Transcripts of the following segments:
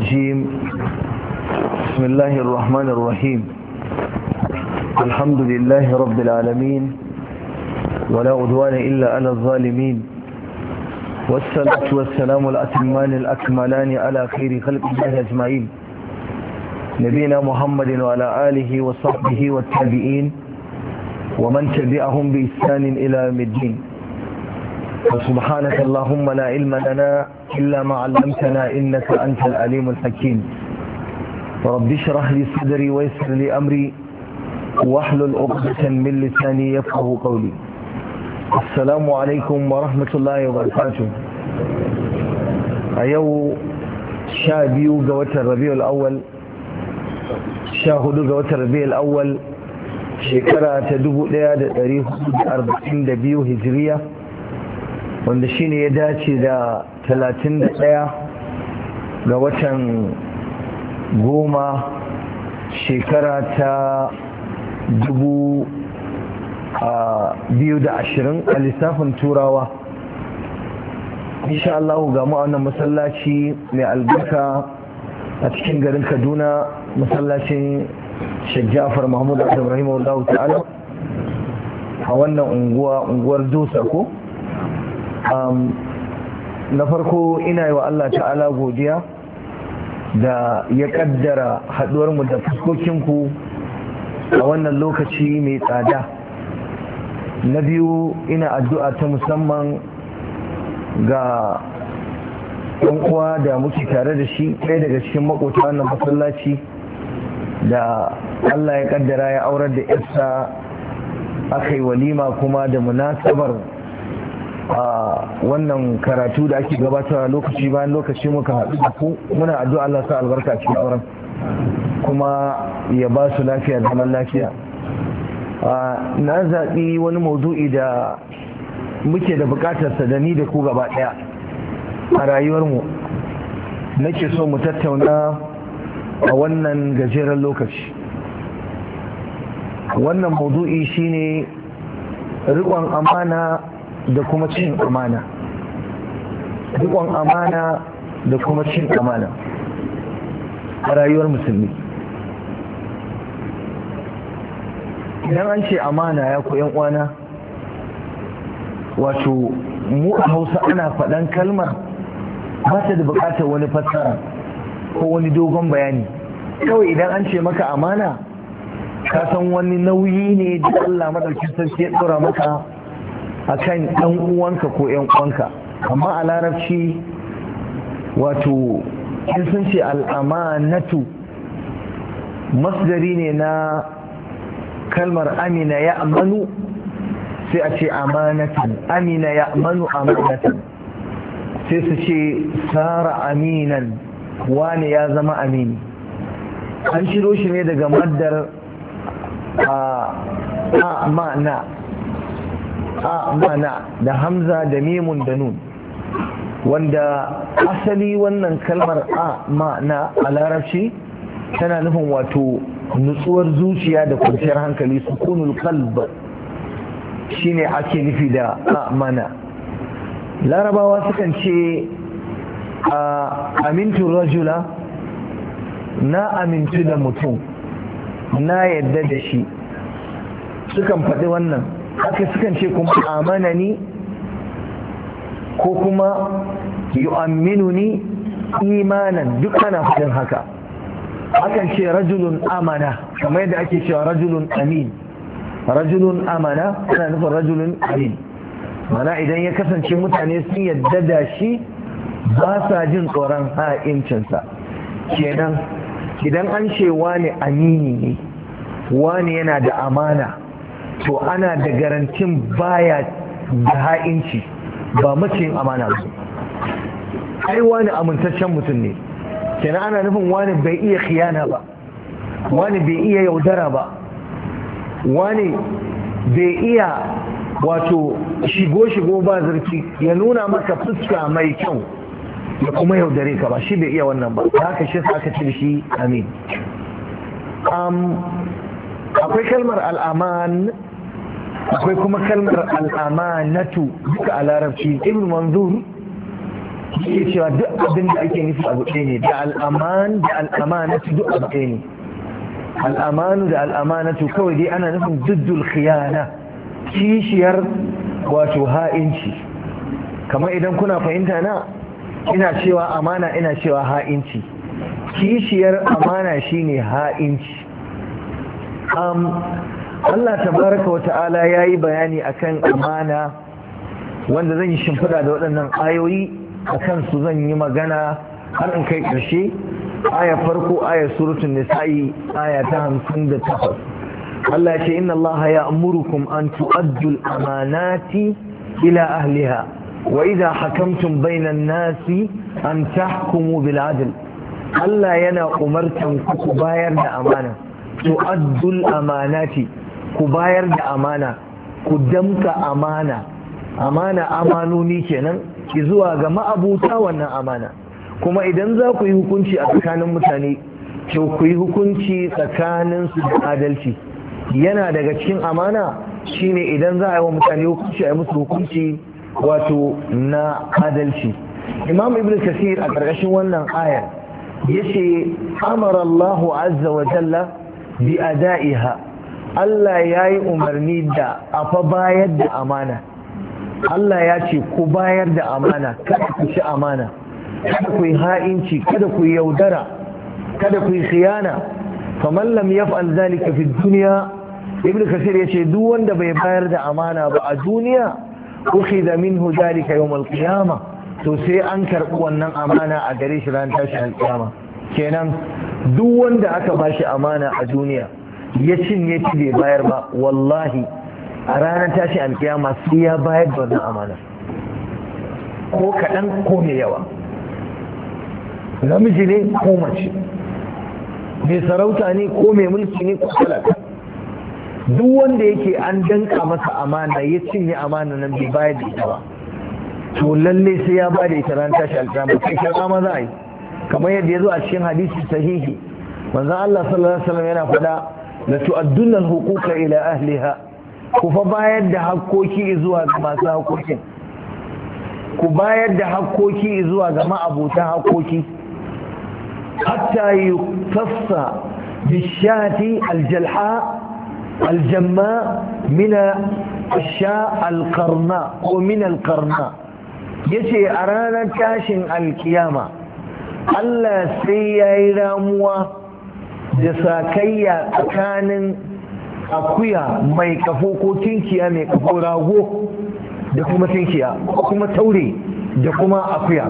جيم بسم الله الرحمن الرحيم الحمد لله رب العالمين ولا عدوان إلا على الظالمين والصلاة والسلام الأتمان الأكملان على خير خلق الله أجمعين نبينا محمد وعلى آله وصحبه والتابعين ومن تبعهم بإحسان إلى يوم الدين سبحانك اللهم لا علم لنا إلا ما علمتنا إنك أنت العليم الحكيم رب اشرح لي صدري ويسر لي أمري واحلل عقدة من لساني يفقه قولي السلام عليكم ورحمة الله وبركاته أيو شابيو قوة الربيع الأول شاهدوا قوة الربيع الأول شكرا تدبو ليا دريه أربعين دبيو هجرية wanda shi ne ya dace da 31 ga watan goma shekara ta dubu da ashirin a lissafin turawa insha Allah ga wannan masallaci mai albarka a cikin garin kaduna masallacin shajjafar mahmud abdullahi ta'ala a wannan unguwa unguwar dosa ko na farko ina yi wa Allah ta'ala godiya da ya kaddara mu da fuskokinku a wannan lokaci mai tsada na biyu ina addu'a ta musamman ga ɗan uwa da muke tare da shi ɗaya daga cikin makota wannan masallaci da Allah ya kaddara ya aurar da yarsa aka yi walima kuma da munasabar A wannan karatu da ake gabatarwa lokaci bayan lokaci muka haɗu da ku muna addu'a Allah sa albarka cikin auren kuma ya ba su lafiya zaman lafiya na zaɓi wani maudu'i da muke da buƙatar sa da ni da ku gaba ɗaya a rayuwarmu nake so mu tattauna a wannan gajeren lokaci wannan maudu'i shine riƙon amana da kuma cin amana rikon amana da kuma cin amana a rayuwar musulmi idan an ce amana ya ku kwana, wato mu a hausa ana faɗan kalmar ba ta da bukatar wani fassara ko wani dogon bayani kawai idan an ce maka amana ka san wani nauyi ne da Allah madaukin sarki ya tsora maka akan ɗan uwanka ko ‘yan uwanka amma a larabci wato in sun ce al'amanatu masdari ne na kalmar amina ya amanu sai a ce amanatan amina ya amanu amanatan sai su ce sara aminan wane ya zama amini an shiro shi ne daga maddar a ma'ana a mana da hamza da mimun da nun wanda asali wannan kalmar a ma'ana a larabci tana nufin wato nutsuwar zuciya da kwanciyar hankali sukunul kalb shine ake nufi da a mana larabawa sukan ce a amintu rajula na amintu da mutum na yadda da shi sukan faɗi wannan haka sukan ce kuma amana ni ko kuma yu'amminu ni imanan duk ana fadin haka akan ce rajulun amana kamar yadda ake cewa rajulun amin rajulun amana ana nufin rajulun amin mana idan ya kasance mutane sun yadda da shi ba sa jin tsoron ha'incinsa kenan idan an ce wani amini ne wani yana da amana to ana da garantin baya da ha'inci ba maciyin amana ba ai wani amintaccen mutum ne kenan ana nufin wani bai iya khiyana ba wani bai iya yaudara ba wani bai iya wato shigo-shigo ba zarki ya nuna maka fuska mai kyau ya kuma yaudare ka ba shi bai iya wannan ba ta haka shi aka ce shi amin akwai kalmar al'aman akwai kuma kalmar al'amanatu duka a larabci ibn manzur yake cewa duk abin da ake nufi a ɗaya ne da al'aman da al'amanatu duk abu ɗaya ne al'amanu da al'amanatu kawai dai ana nufin duddul khiyana kishiyar wato ha'inci kamar idan kuna fahimta na ina cewa amana ina cewa ha'inci kishiyar amana shine ha'inci Allah tabaraka wata'ala ya yi bayani akan amana wanda zan yi shimfiɗa da waɗannan ayoyi a kansu zan yi magana har in kai ƙarshe aya farko aya surutun nisa'i aya ta hamsin da takwas Allah ce inna Allah ya amurukum an tu'addul amanati ila ahliha wa idza hakamtum bainan nasi an tahkumu bil adl Allah yana umartan ku bayar da amana tu'addul amanati ku bayar da amana ku damka amana amana amanoni kenan ki zuwa ga ma'abuta wannan amana kuma idan za ku yi hukunci a tsakanin mutane to ku yi hukunci tsakanin su da adalci yana daga cikin amana shine idan za a yi wa mutane hukunci a yi musu hukunci wato na adalci imam ibn kasir a ƙarƙashin wannan ayar yace amara Allahu azza wa jalla bi ada'iha Allah ya yi umarni da a fa bayar da amana Allah ya ce ku bayar da amana kada ku ci amana kada ku yi ha'inci kada ku yi yaudara kada ku yi khiyana kamar lam alzali zalika fi dunya ibnu kasir ce duk wanda bai bayar da amana ba a duniya ukhidha minhu zalika yawm wa qiyamah to sai an karɓi wannan amana a gare shi ran tashi alƙiyama, kenan duk wanda aka ba shi amana a duniya ya cinye shi bai bayar ba wallahi a ranar tashi alkiyama sai ya bayar da wannan amana ko kaɗan ko mai yawa namiji ne ko mace mai sarauta ne ko mai mulki ne ko talaka duk wanda yake an danka masa amana ya cinye amana nan bai bayar da ita ba to lalle sai ya bada da ita ran tashi alkiyama sai shaka kama za a yi kamar yadda ya zo a cikin hadisi sahihi manzon Allah sallallahu alaihi wasallam yana faɗa la tu'adduna al-huquqa ila ahliha ku fa bayar da hakkoki zuwa ga masu hakkokin ku bayar da hakkoki zuwa ga ma'abutan hakkoki hatta yuktassa bishati aljalha aljamma min asha alqarna ko min alqarna yace a ranar tashin alkiyama Allah sai yayi ramuwa da sakayya tsakanin akuya mai kafo ko tinkiya mai kafo rago da kuma tinkiya ko kuma taure da kuma akuya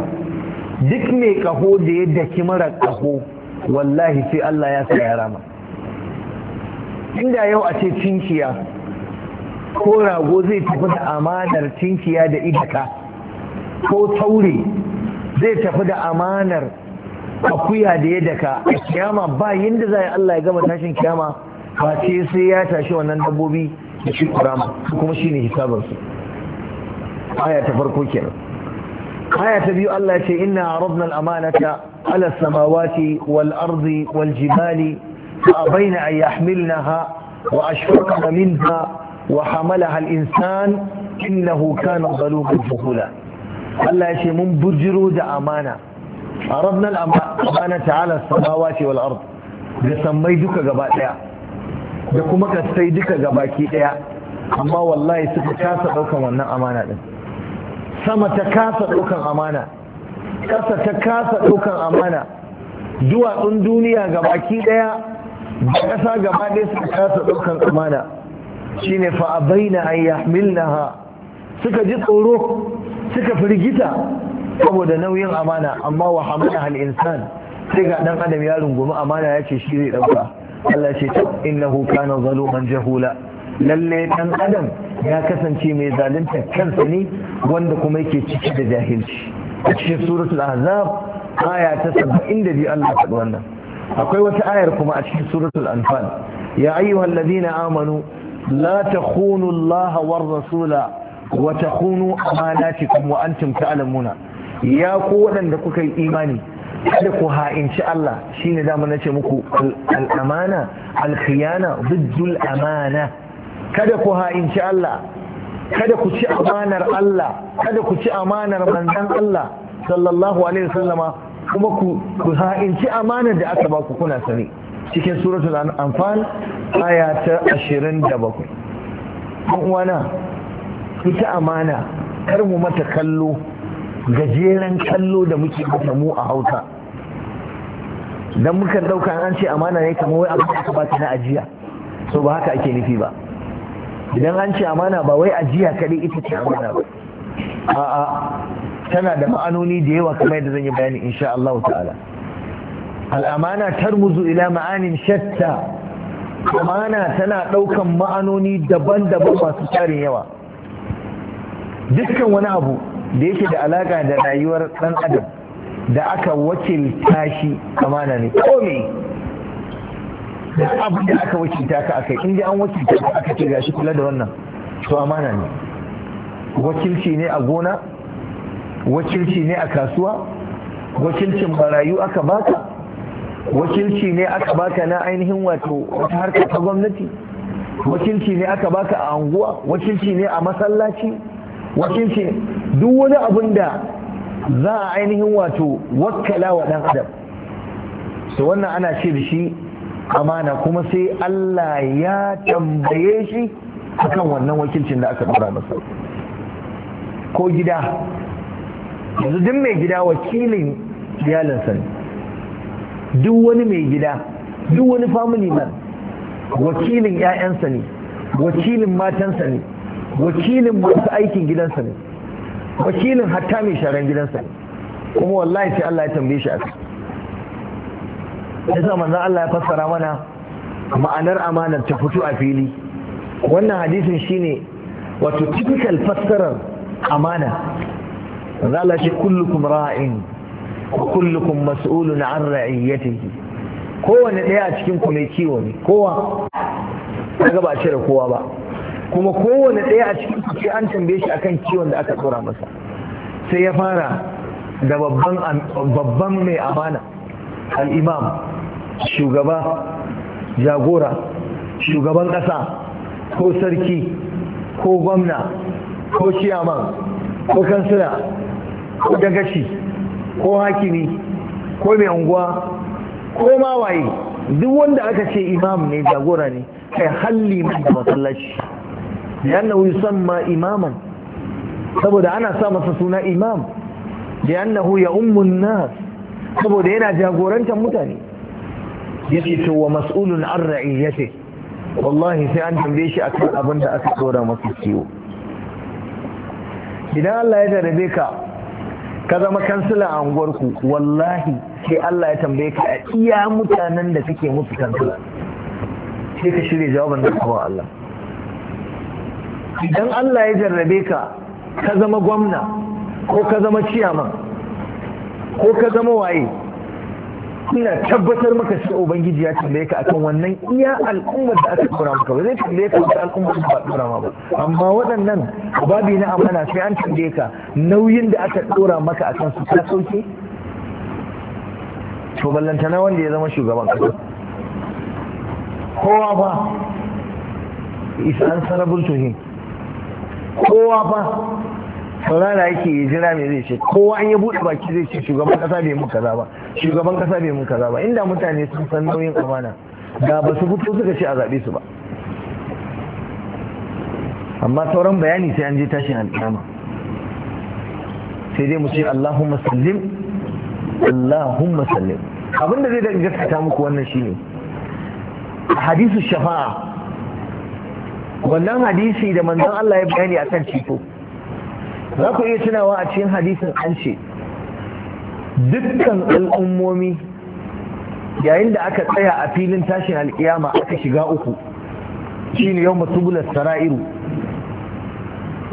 duk mai kafo da ya daki mara kafo wallahi sai Allah ya saya rama inda yau a ce tinkiya ko rago zai tafi da amanar tinkiya da idaka ko taure zai tafi da amanar akuya da ya daka a kiyama ba yadda za Allah ya gama tashin kiyama ba ce sai ya tashi wannan dabbobi da shi kurama kuma shi ne hisabarsu aya ta farko kenan aya ta biyu Allah ce inna aradna al-amanata ala samawati wal ardi wal jibali fa abaina an yahmilnaha wa ashfaqna minha wa hamalaha al-insan innahu kana zaluman jahula Allah ya ce mun bujiro da amana arabna al'amana ta'ala samawati wal ard da sammai duka gaba daya da kuma kasai duka gabaki daya amma wallahi suka kasa daukan wannan amana din sama ta kasa daukan amana ƙasa ta kasa daukan amana duwatsun duniya gabaki daya da ƙasa gaba ɗaya suka kasa daukan amana shine fa abaina an yahmilnaha suka ji tsoro suka firgita saboda nauyin amana amma wa hamala hal insan sai ga dan adam ya rungumi amana ya ce shi zai dauka Allah ce ta innahu kana zaluman jahula lalle dan adam ya kasance mai zalunta kansa ne wanda kuma yake ciki da jahilci a cikin suratul ahzab aya ta 72 Allah ta wannan akwai wata ayar kuma a cikin suratul anfal ya ayyuhal amanu la takhunu Allah war rasula wa takhunu amanatikum wa antum ta'lamuna ya ku waɗanda kuka yi imani kada ku ha'inci Allah shine da na ce muku al'amana al-khiyana biddul amana kada ku ha'inci Allah kada ku ci amanar Allah kada ku ci amanar manzon Allah sallallahu alaihi wasallama kuma ku ku ha'inci amanar da aka baku kuna sani cikin suratul anfal aya ta 27 dan uwana ita amana kar mu mata kallo gajeren kallo da muke masa mu a hauta dan muka dauka an ce amana ne kamar wai abin da aka bata na ajiya so ba haka ake nufi ba idan an ce amana ba wai ajiya kadai ita ce amana ba a'a tana da ma'anoni da yawa kamar yadda zan yi bayani insha Allah ta'ala al'amana tarmuzu ila ma'anin shatta amana tana ɗaukan ma'anoni daban-daban masu tarin yawa dukkan wani abu da yake da alaka da rayuwar ɗan adam da aka wakilta shi amana ne komai da abin da aka wakilta ka akai in an wakilta ka aka ce gashi kula da wannan to amana ne wakilci ne a gona wakilci ne a kasuwa wakilcin barayu aka baka wakilci ne aka baka na ainihin wato wata harka ta gwamnati wakilci ne aka baka a anguwa wakilci ne a masallaci wakilci duk wani abin da za a ainihin wato wakala wa ɗan adam su wannan ana ce da shi amana kuma sai Allah ya tambaye shi akan wannan wakilcin da aka ɗora masa ko gida yanzu duk mai gida wakilin iyalinsa ne duk wani mai gida duk wani family man wakilin 'ya'yansa ne wakilin matansa ne wakilin masu aikin gidansa ne wakilin hatta mai sharan gidansa ne kuma wallahi sai Allah ya tambaye shi a kai yasa manzon Allah ya fassara mana ma'anar amanar ta fito a fili wannan hadisin shine wato typical fassarar amana manzon Allah ya kullukum ra'in wa kullukum mas'ulun an ra'iyatihi kowanne daya a cikin ku mai kiwo ne kowa kaga ba cire kowa ba kuma kowane ɗaya a cikin sai an tambaye shi akan kiwon da aka tsora masa sai ya fara da babban mai amana al'imam shugaba jagora shugaban ƙasa ko sarki ko gwamna ko ciyaman ko kansila ko dagashi ko hakimi ko mai unguwa ko mawaye duk wanda aka ce imam ne jagora ne kai halli mai da masallaci li'annahu yusamma imaman saboda ana sa masa suna imam li'annahu ya an-nas saboda yana jagorantar mutane yace to wa mas'ulun an ra'iyati wallahi sai an tambaye shi akan abin da aka dora masa ciwo idan Allah ya jarabe ka ka zama kansila a unguwarku wallahi sai Allah ya tambaye ka a iya mutanen da kake musu kansila sai ka shirya jawaban da kawo Allah idan Allah ya jarrabe ka ka zama gwamna ko ka zama ciyaman ko ka zama waye ina tabbatar maka shi ubangiji ya tambaye ka akan wannan iya al'ummar da aka dora maka ba zai tambaye ka akan al'ummar da ba dora ma ba amma waɗannan babi na amana sai an tambaye ka nauyin da aka dora maka akan su ta sauke to ballantana wanda ya zama shugaban kasa kowa ba is an to him kowa fa saurara yake ya jira me zai ce kowa an yi buɗe baki zai ce shugaban ƙasa bai mun kaza ba shugaban ƙasa bai mun kaza ba inda mutane sun san nauyin amana da ba su fito suka ce a zaɓe su ba amma sauran bayani sai an je tashin alƙiyama sai dai mu ce Allahumma sallim Allahumma sallim abinda zai da gaskata muku wannan shine a hadisu shafa'a wannan hadisi da manzon Allah ya bayani a kan ceto za ku iya tunawa a cikin hadisin an ce dukkan al'ummomi yayin da aka tsaya a filin tashin alkiyama aka shiga uku Shi ne yau matubular sara'iru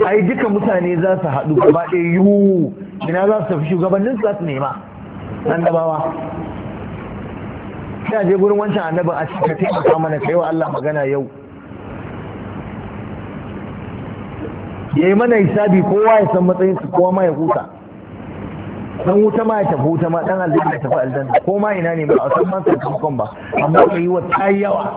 ai duka mutane za su haɗu gaba ɗaya yiwu ina za su tafi shugabannin za su nema annabawa ina je gurin wancan annabin a cikin taimaka mana kai wa Allah magana yau ya yi mana hisabi kowa ya san su kowa ma ya huta dan wuta ma ya tafi wuta ma dan aljanna ya tafi aljanna ko ma ina ne ba a san san kan ba amma ka yi wa tayyawa yawa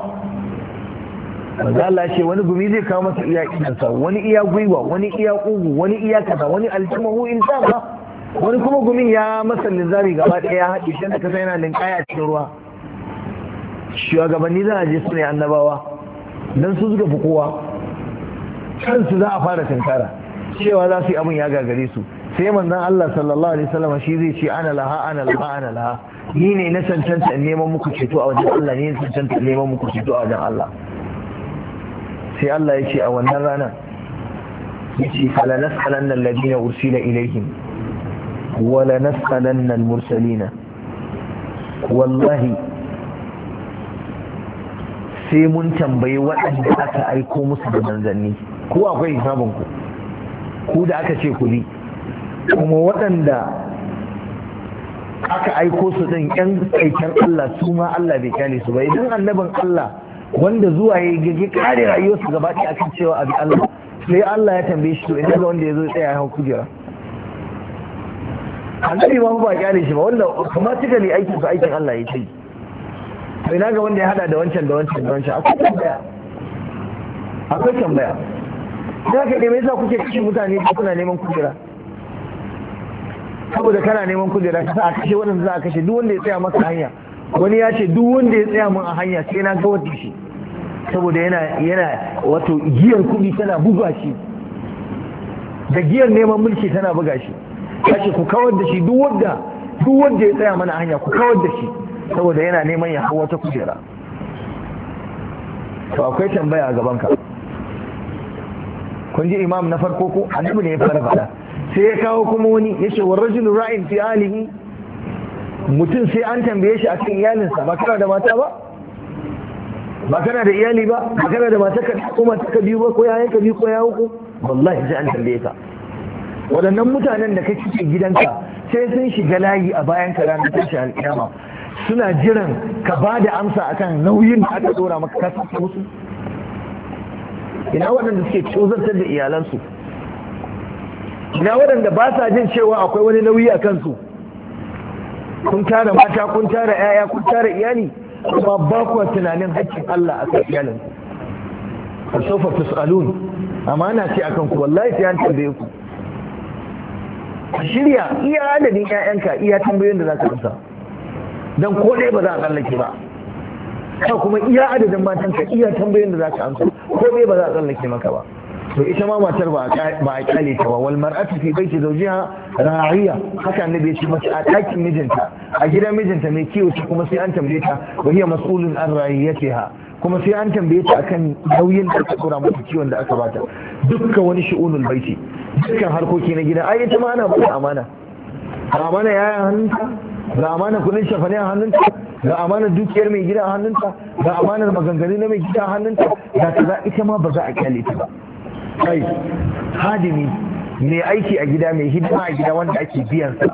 manzo Allah ce wani gumi zai kawo masa iya idansa wani iya gwiwa wani iya kugu wani iya kaza wani aljimahu in ba wani kuma gumin ya masa lizari gaba ɗaya ya haɗe shi da kasa yana linkaya a cikin ruwa shugabanni za a je su ne annabawa dan su zuga fi kowa kansu za a fara tunkara cewa za su yi abin ya gagare su sai manzan Allah sallallahu alaihi wasallam shi zai ce ana laha ana laha ana laha ni ne na cancanta in neman muku ceto a wajen Allah ne cancanta in neman muku ceto a wajen Allah sai Allah ya ce a wannan ranar ya ce fala nan Ladina ursila ilaihim wala nan mursalina wallahi sai mun tambayi waɗanda aka aiko musu da manzanni ku akwai hisabin ku ku da aka ce ku bi kuma waɗanda aka aiko su ɗin yan aikin Allah su ma Allah bai kyale su ba idan annabin Allah wanda zuwa ya gage kare rayuwarsu gaba ɗaya akan cewa abi Allah sai Allah ya tambaye shi to ina ga wanda ya zo tsaya ya kujera annabi ma ba kyale shi ba wanda kuma tuka ne aikin su aikin Allah ya ce to ina ga wanda ya hada da wancan da wancan da wancan akwai tambaya akwai tambaya da ka ɗaya yasa kuke kashe mutane da kuna neman kujera saboda kana neman kujera ka sa a kashe waɗanda za a kashe duk wanda ya tsaya maka hanya wani ya ce duk wanda ya tsaya min a hanya sai na gawar da shi saboda yana yana wato giyar kuɗi tana buga shi da giyar neman mulki tana buga shi ya ce ku kawar da shi duk wanda duk wanda ya tsaya mana hanya ku kawar da shi saboda yana neman ya hau wata kujera to akwai tambaya a gaban ka kun ji imam na farko ko annabi ne ya fara fada sai ya kawo kuma wani ya ce rajin ra'in fi alihi mutum sai an tambaye shi akan iyalinsa ba kana da mata ba ba kana da iyali ba ba kana da mata ka ko mata ka biyu ba ko yayan ka biyu ko ya ko wallahi sai an tambaye ka waɗannan mutanen da kake cikin gidanka sai sun shiga layi a bayan ka ranar tashi alƙiyama suna jiran ka ba da amsa akan nauyin da aka dora maka kasance musu ina waɗanda suke cozartar da iyalansu ina waɗanda ba sa jin cewa akwai wani nauyi a kansu kun tara mata kun tara 'ya'ya kun tara iyali kuma ba kuwa tunanin haƙƙin Allah a kan iyalin ku sofa tus'alun amana ce akan ku wallahi sai an tambaye ku A shirya iya adadin 'ya'yanka iya tambayoyin da za ka amsa dan ko ɗaya ba za a tsallake ba ka kuma iya adadin matan ka iya tambayoyin da za ka amsa ko me ba za a tsallake maka ba to ita ma matar ba a kyale ta ba wal mar'atu fi baiti zawjiha ra'iya haka annabi ya ce mace a ɗakin mijinta a gidan mijinta mai kiwo ce kuma sai an tambaye ta wa hiya mas'ulun an ra'iyatiha kuma sai an tambaye ta akan nauyin da aka kura mata kiwon da aka bata dukkan wani shi'unul baiti dukkan harkoki na gida ai ita ma ana bata amana amana yaya hannunta ga amanar kudin shafane a hannunta ga amanar dukiyar mai gida a hannunta ga amanar maganganu na mai gida a hannunta ga ta za ita ma ba za a kyale ta ba kai hadimi mai aiki a gida mai hidima a gida wanda ake biyan sa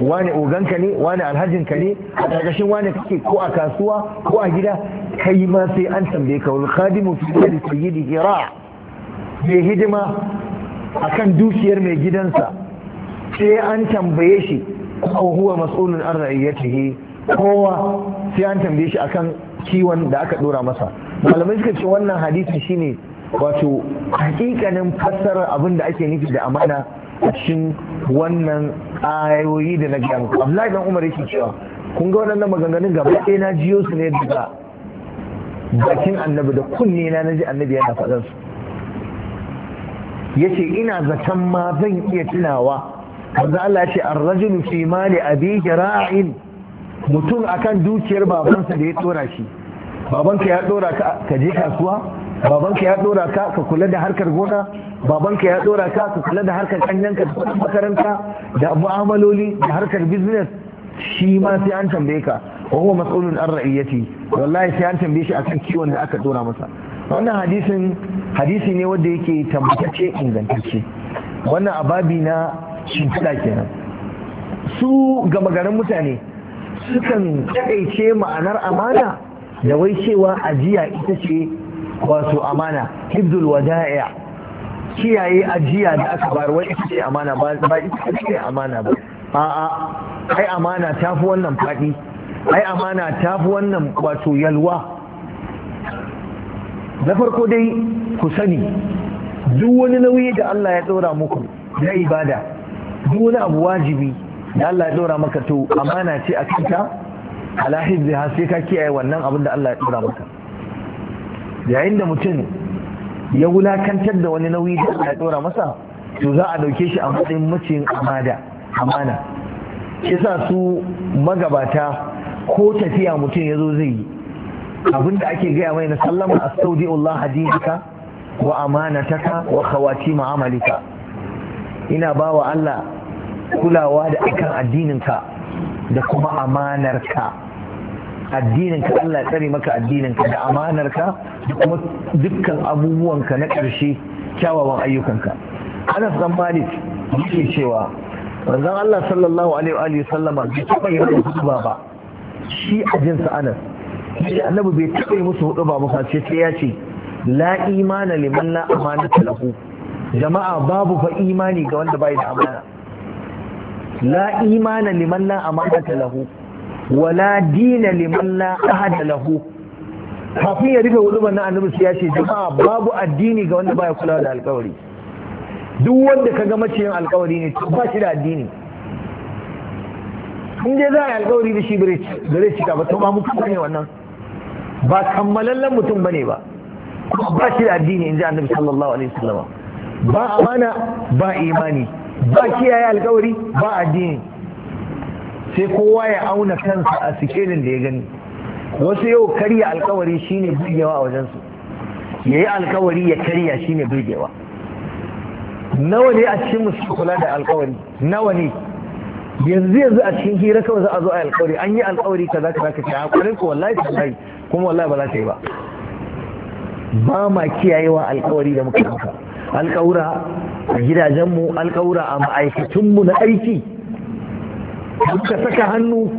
wani oganka ne wani alhajinka ne a ƙarƙashin wani kake ko a kasuwa ko a gida kai ma sai an tambaye ka wal khadimu fi da sayyidi ira mai hidima akan dukiyar mai gidansa sai an tambaye shi aw huwa mas'ulun an ra'iyatihi kowa sai an tambaye shi akan kiwon da aka dora masa malamai suka ce wannan hadisi shine wato hakikanin fassarar abin da ake nufi da amana a cikin wannan ayoyi da na gaya muku Abdullahi dan Umar yake cewa kun ga waɗannan maganganun gaba ɗaya na jiyo su ne daga bakin annabi da kunne na naji annabi yana faɗar su yace ina zaton ma zan iya tunawa wanda Allah ya ce an rajulu fi mali abi ra'in mutum akan dukiyar babansa da ya tsora shi babanka ya tsora ka ka je kasuwa babanka ya tsora ka ka kula da harkar gona babanka ya tsora ka ka kula da harkar kanyanka da makaranta da mu'amaloli da harkar business shi ma sai an tambaye ka wa huwa mas'ulun an ra'iyati wallahi sai an tambaye shi akan kiwon da aka dora masa wannan hadisin hadisi ne wanda yake tabbatacce ingantacce wannan ababi na shimfiɗa kenan su gama garin mutane sukan ce ma'anar amana da wai cewa ajiya ita ce wasu amana hibdul wada'a kiyaye ajiya da aka bar wai ita ce amana ba ita ce amana ba a'a ai amana ta fi wannan faɗi ai amana ta fi wannan wato yalwa na farko dai ku sani duk wani nauyi da Allah ya ɗora muku na ibada wani abu wajibi da Allah ya ɗora maka to amana ce a kanta? alahi zai ka kiyaye wannan abin da Allah ya dora maka yayin da mutum ya wulakantar da wani nauyi da Allah ya dora masa to za a ɗauke shi a matsayin maciyin amada amana Kisa su magabata ko tafiya mutum ya zo zai yi abinda ake gaya mai na sallama astaudi'ullah hadinka wa amanataka wa kawaci ma'amalika ina bawa Allah kulawa da akan addininka da kuma amanarka addininka Allah ya tsare maka addininka da amanarka da kuma dukkan abubuwanka na ƙarshe kyawawan ayyukanka Anas dan Malik yake cewa manzon Allah sallallahu alaihi wa sallama bai taɓa yi hutuba ba shi a jin sa Anas sai annabi bai taɓa yi musu hutuba ba face sai ya ce la imana liman la amanata lahu jama'a babu fa imani ga wanda bai da amana la imana liman la amanata lahu wala la dina liman la ahada lahu kafin ya rufe hudu na annabi sai ya ce jama'a babu addini ga wanda baya kula da alkawari duk wanda ka ga maciyin alkawari ne ba shi da addini in dai za a yi alkawari da shi ba shi cika ba to ba kuma ne wannan ba kammalallen mutum bane ba ba shi da addini in ji annabi sallallahu alaihi wasallam ba amana ba imani ba kiyaye alkawari ba addini sai kowa ya auna kansa a sikelin da ya gani wasu yau karya alkawari shine burgewa a wajensu ya yi alkawari ya karya shine burgewa nawa ne a cikin musu kula da alkawari nawa ne yanzu yanzu a cikin hira kawai za a zo a alkawari an yi alkawari ka za ka ce a kwarin ko wallahi ta kuma wallahi ba za ta yi ba ba ma kiyayewa alkawari da muka ɗauka alƙawura a gidajenmu alƙawura a ma'aikacinmu na aiki ka saka hannu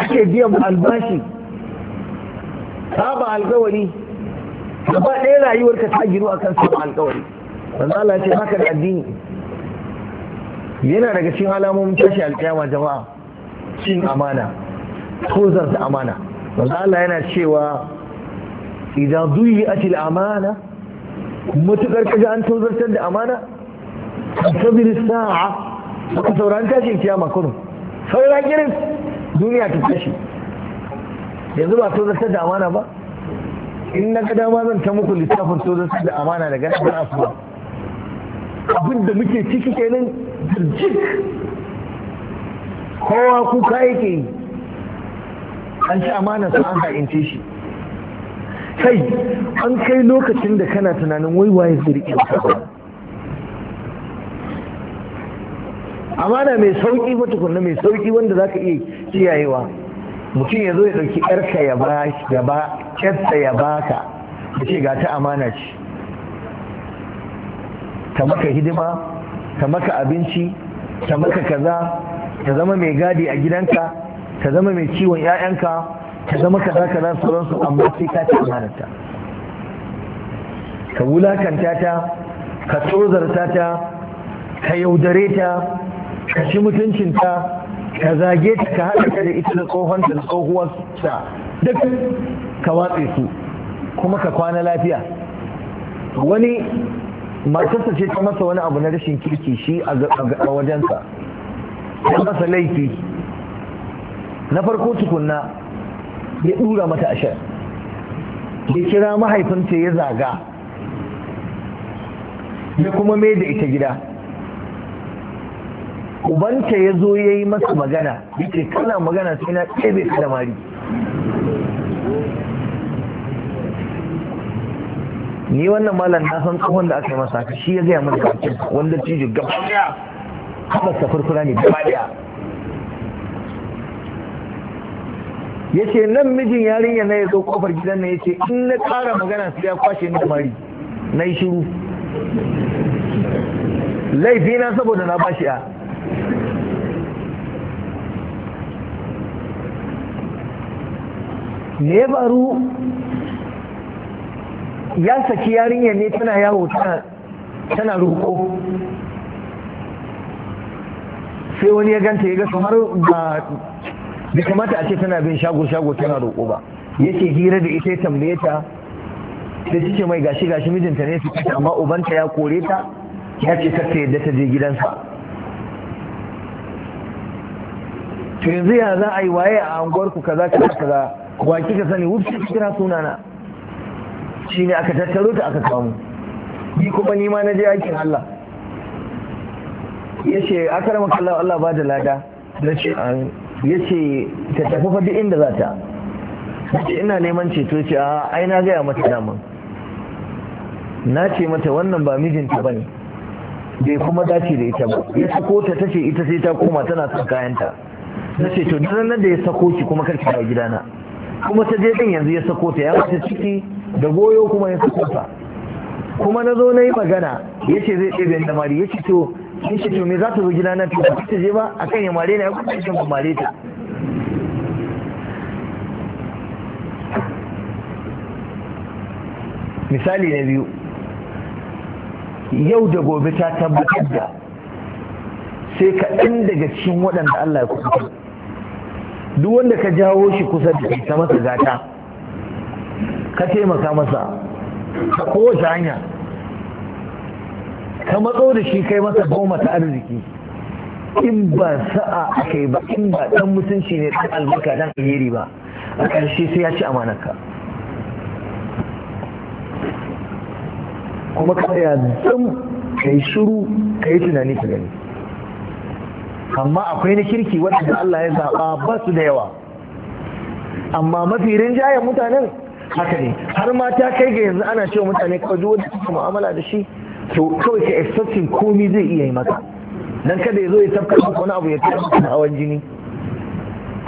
ake biyan albashi saba alƙawari gaba ɗaya ka ta gino a kan saba alƙawari wanda Allah ce haka da addini yana daga cikin alamomin tashi alƙiyama jama'a cin amana tozarta amana wanda Allah yana cewa idan duyi atil amana matuƙar kaji an tozartar da amana sabir sa'a aka sauran tashin kiyama kurum saura girin duniya ta tashi yanzu ba tozartar da amana ba in na ga dama zan ta muku littafin tozartar da amana daga ɗan asuwa abinda da muke ciki kenan jirjik kowa kuka yake yi an ci amana su an ce shi kai an kai lokacin da kana tunanin wai waye zai rike amana mai sauki ba tukunna mai sauki wanda za ka iya kiyayewa mutum ya zo ya ɗauki ƴarka ya ba ya ba ya baka ya ce ga ta amana ce ta maka hidima ta maka abinci ta maka kaza ta zama mai gadi a gidanka ta zama mai ciwon 'ya'yanka ka zama kaza kaza sauransu amma sai ka ci amanarta ka wulakanta ta ka tsozarta ta ka yaudare ta ka ci mutuncinta ka zage ta ka haɗa ka da ita da tsohon da tsohuwarsa duk ka watse su kuma ka kwana lafiya wani matarsa ce ta masa wani abu na rashin kirki shi a wajensa ta masa laifi na farko tukunna ya dura mata shan ya kira mahaifinta ya zaga ya kuma mai da ita gida ubanta ya zo ya yi masa magana yake kana magana sai na ɗebe ka da mari ni wannan malam na san tsohon da aka yi masa shi ya gaya mana bakin wanda cijo gaba daya haɓar ta furfura ne gaba daya ya ce nan mijin yarinya na ya zo kofar gidan na ya ce in na kara magana su ya kwashe ni da mari na yi shiru laifi na saboda na bashi a me baru ya saki yarinya ne tana yawo tana roƙo sai wani ya ganta ya ga kamar ba bai kamata a ce tana bin shago shago tana roƙo ba yake hira da ita ya tambaye ta da ce mai gashi gashi mijinta ne su fita amma ubanta ya kore ta ya ce ta yadda ta je gidansa to yanzu ya za a yi waye a anguwar ku kaza kaza kaza wa kika sani wufsi kira sunana shine aka tattaro ta aka samu ni kuma ni ma na je aikin Allah ya ce akarama Allah Allah ba da lada na ce an ya ce ta tafi faɗi inda za ta ina neman ceto ce a aina gaya mata damar na ce mata wannan ba mijinta ba ne bai kuma dace da ita ba ya sako ta tace ita sai ta koma tana son kayanta na ce to nan da ya sako ki kuma karki ba gidana kuma ta je din yanzu ya sako ta ya mata ciki da goyo kuma ya sako ta kuma na zo na yi magana ya ce zai ɗebe da mari ya ce to sai ce to me za ta zo gida na tuba ta je ba a kan ya mare na ya kuma cikin ba mare ta misali na biyu yau da gobe ta tabbatar da sai kaɗan daga cikin waɗanda Allah ya kusa duk wanda ka jawo shi kusa da ita masa gata ka taimaka masa ta kowace hanya ka matso da shi kai masa goma ta arziki in ba sa'a ba in ba dan mutunci ne dan albarka dan alheri ba a ƙarshe sai ya ci amanarka kuma ka tsaya zan kai shiru kayi tunani ka gani amma akwai na kirki waɗanda Allah ya zaba ba su da yawa amma mafi rinjayen mutanen haka ne har mata kai ga yanzu ana cewa mutane kawai duk wanda suka mu'amala da shi to kawai ka expecting komi zai iya yi maka dan kada ya zo ya tafka maka wani abu ya kai maka hawan jini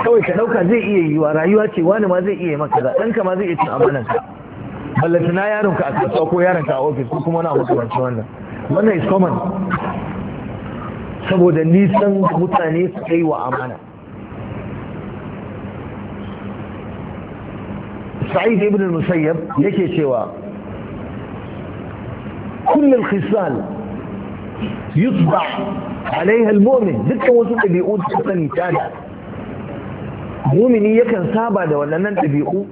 kawai ka dauka zai iya yiwa rayuwa ce wani ma zai iya yi maka dan ka ma zai iya cin amanan ka na yaron ka a kasuwa ko yaron ka a ofis ko kuma wani abu kamar wannan wannan is common saboda nisan mutane su kai wa amana sa'id ibn musayyab yake cewa كل الخصال يطبع عليها المؤمن dukkan wasu ɗabi'u da suka nita da mumini yakan saba da waɗannan ɗabi'u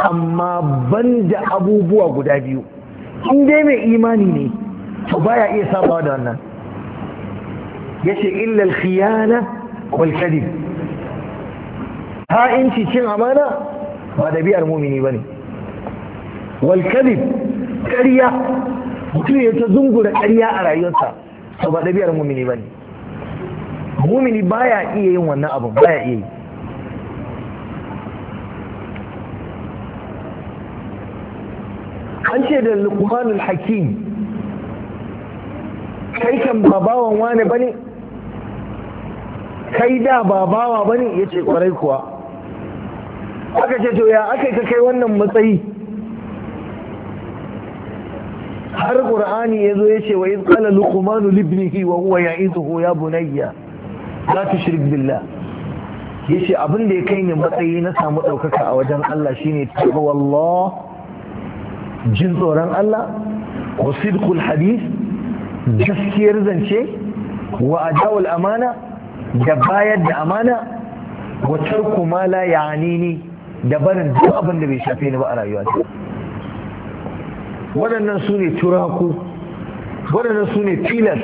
amma ban da abubuwa guda biyu in dai mai imani ne to baya iya sabawa da wannan yace illa al-khiyana wal kadhib ha inci cin amana ba ɗabi'ar mumini bane wal kadhib ƙarya mutum ya ta zungura ƙarya a rayuwarsa to ba ɗabi'ar mumini ba ne mumini ya iya yin wannan abin ya iya yi an ce da lukmanul hakim kai kan babawan wane ne? kai da babawa ne, ya ce kwarai kuwa aka ce to ya aka ka kai wannan matsayi har ƙur'ani qur'ani ya yace wa iz ƙala luqman li wa huwa ya'izuhu ya bunayya la shirk billah yace abin da ya kai ni matsayi na samu ɗaukaka a wajen Allah shine taqwallah jin tsoron Allah wa sidqul hadith gaskiyar zance wa adawul amana da bayar da amana wa tarku ma la da barin duk abin da bai shafe ni ba a rayuwata waɗannan su ne turaku waɗannan su ne tilas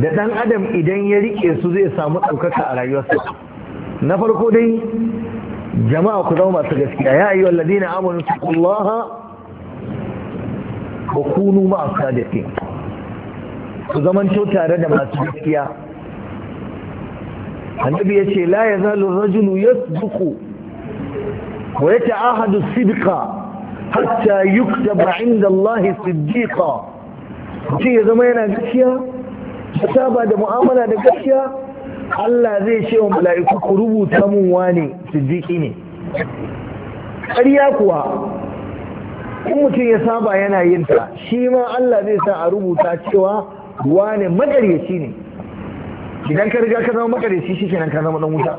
da ɗan adam idan ya riƙe su zai samu ɗaukaka a rayuwarsa na farko dai jama'a ku zama masu gaskiya ya wallazi na amurin tukullaha wa kunu ma a ku to tare da masu gaskiya annabi ce la yazalu rajulu yasduqu wa yata'ahadu sidqa hatta yuktaba inda Allah siddiqa mutum zama yana gaskiya saba da mu'amala da gaskiya Allah zai ce wa ku rubuta mun wane siddiqi ne Karya kuwa in mutum ya saba yana yin shi ma Allah zai sa a rubuta cewa wane magaryaci ne idan ka riga ka zama magaryaci shi kenan ka zama dan wuta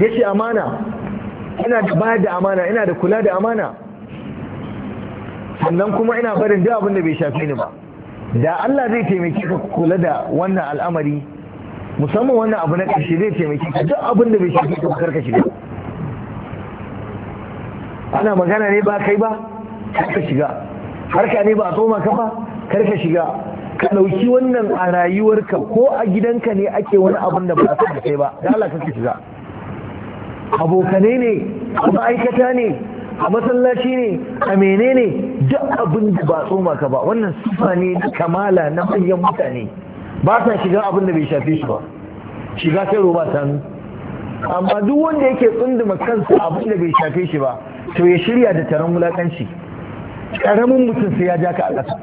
yace amana ina da bayar da amana ina da kula da amana sannan kuma ina barin duk abin da bai shafe ni ba da Allah zai taimake ka kula da wannan al'amari musamman wannan abu na ƙarshe zai taimake ka duk abin da bai shafe ka karka shiga ana magana ne ba kai ba karka shiga harka ne ba a tsoma ka ba karka shiga ka ɗauki wannan a rayuwarka ko a gidanka ne ake wani abin da ba a san kai ba da Allah ka shiga abokane ne a ma'aikata ne a masallaci ne a menene duk abin da ba tsoma ka ba wannan sufa ne na kamala na manyan mutane ba sa shiga abin da bai shafe shi ba shiga sai roba sanu amma duk wanda yake tsunduma kansa abin da bai shafe shi ba to ya shirya da taron wulakanci karamin mutum sai ya ja ka a ƙasa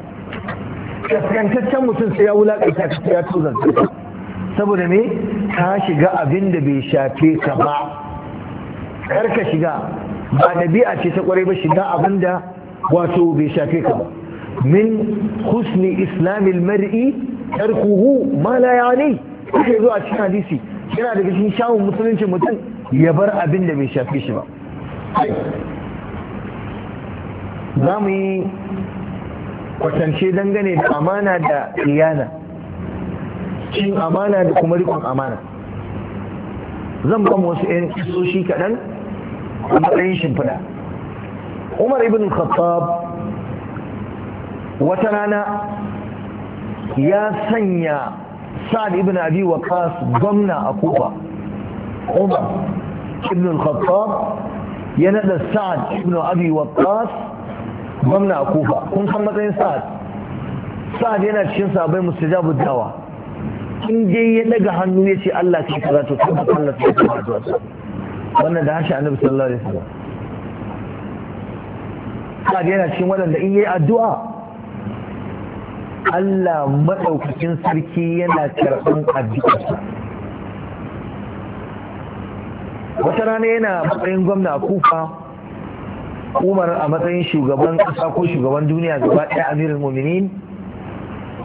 kaskantaccen mutum sai ya wulakanta ka sai ya tozarta saboda me ka shiga abin da bai shafe ka ba karka shiga ba ɗabi'a ce ta kwarai ba shiga da wato bai shafe ka ba min husni islamil mar'i tarkuhu ma la yani zo a cikin hadisi yana daga cikin shawun musulunci mutum ya bar abin da bai shafe shi ba za mu yi kwatance dangane da amana da iyana cin amana da kuma rikon amana zan ba wasu 'yan kisoshi kaɗan a matsayin shimfiɗa umar ibn khattab wata rana ya sanya sa'ad ibn abi waqas gwamna a kufa umar ibn khattab ya nada sa'ad ibn abi waqas gwamna a kufa kun san matsayin sa'ad sa'ad yana cikin sabai mustajabu dawa in dai ya daga hannu ya ce Allah sai kaza to tabbata Allah sai kaza wannan da hashe annabi sallallahu alaihi wasallam yana cikin waɗanda in yi addu'a Allah maɗaukakin sarki yana karɓar addu'arsa wata rana yana matsayin gwamna a kufa umar a matsayin shugaban ƙasa ko shugaban duniya gaba ɗaya amirin muminin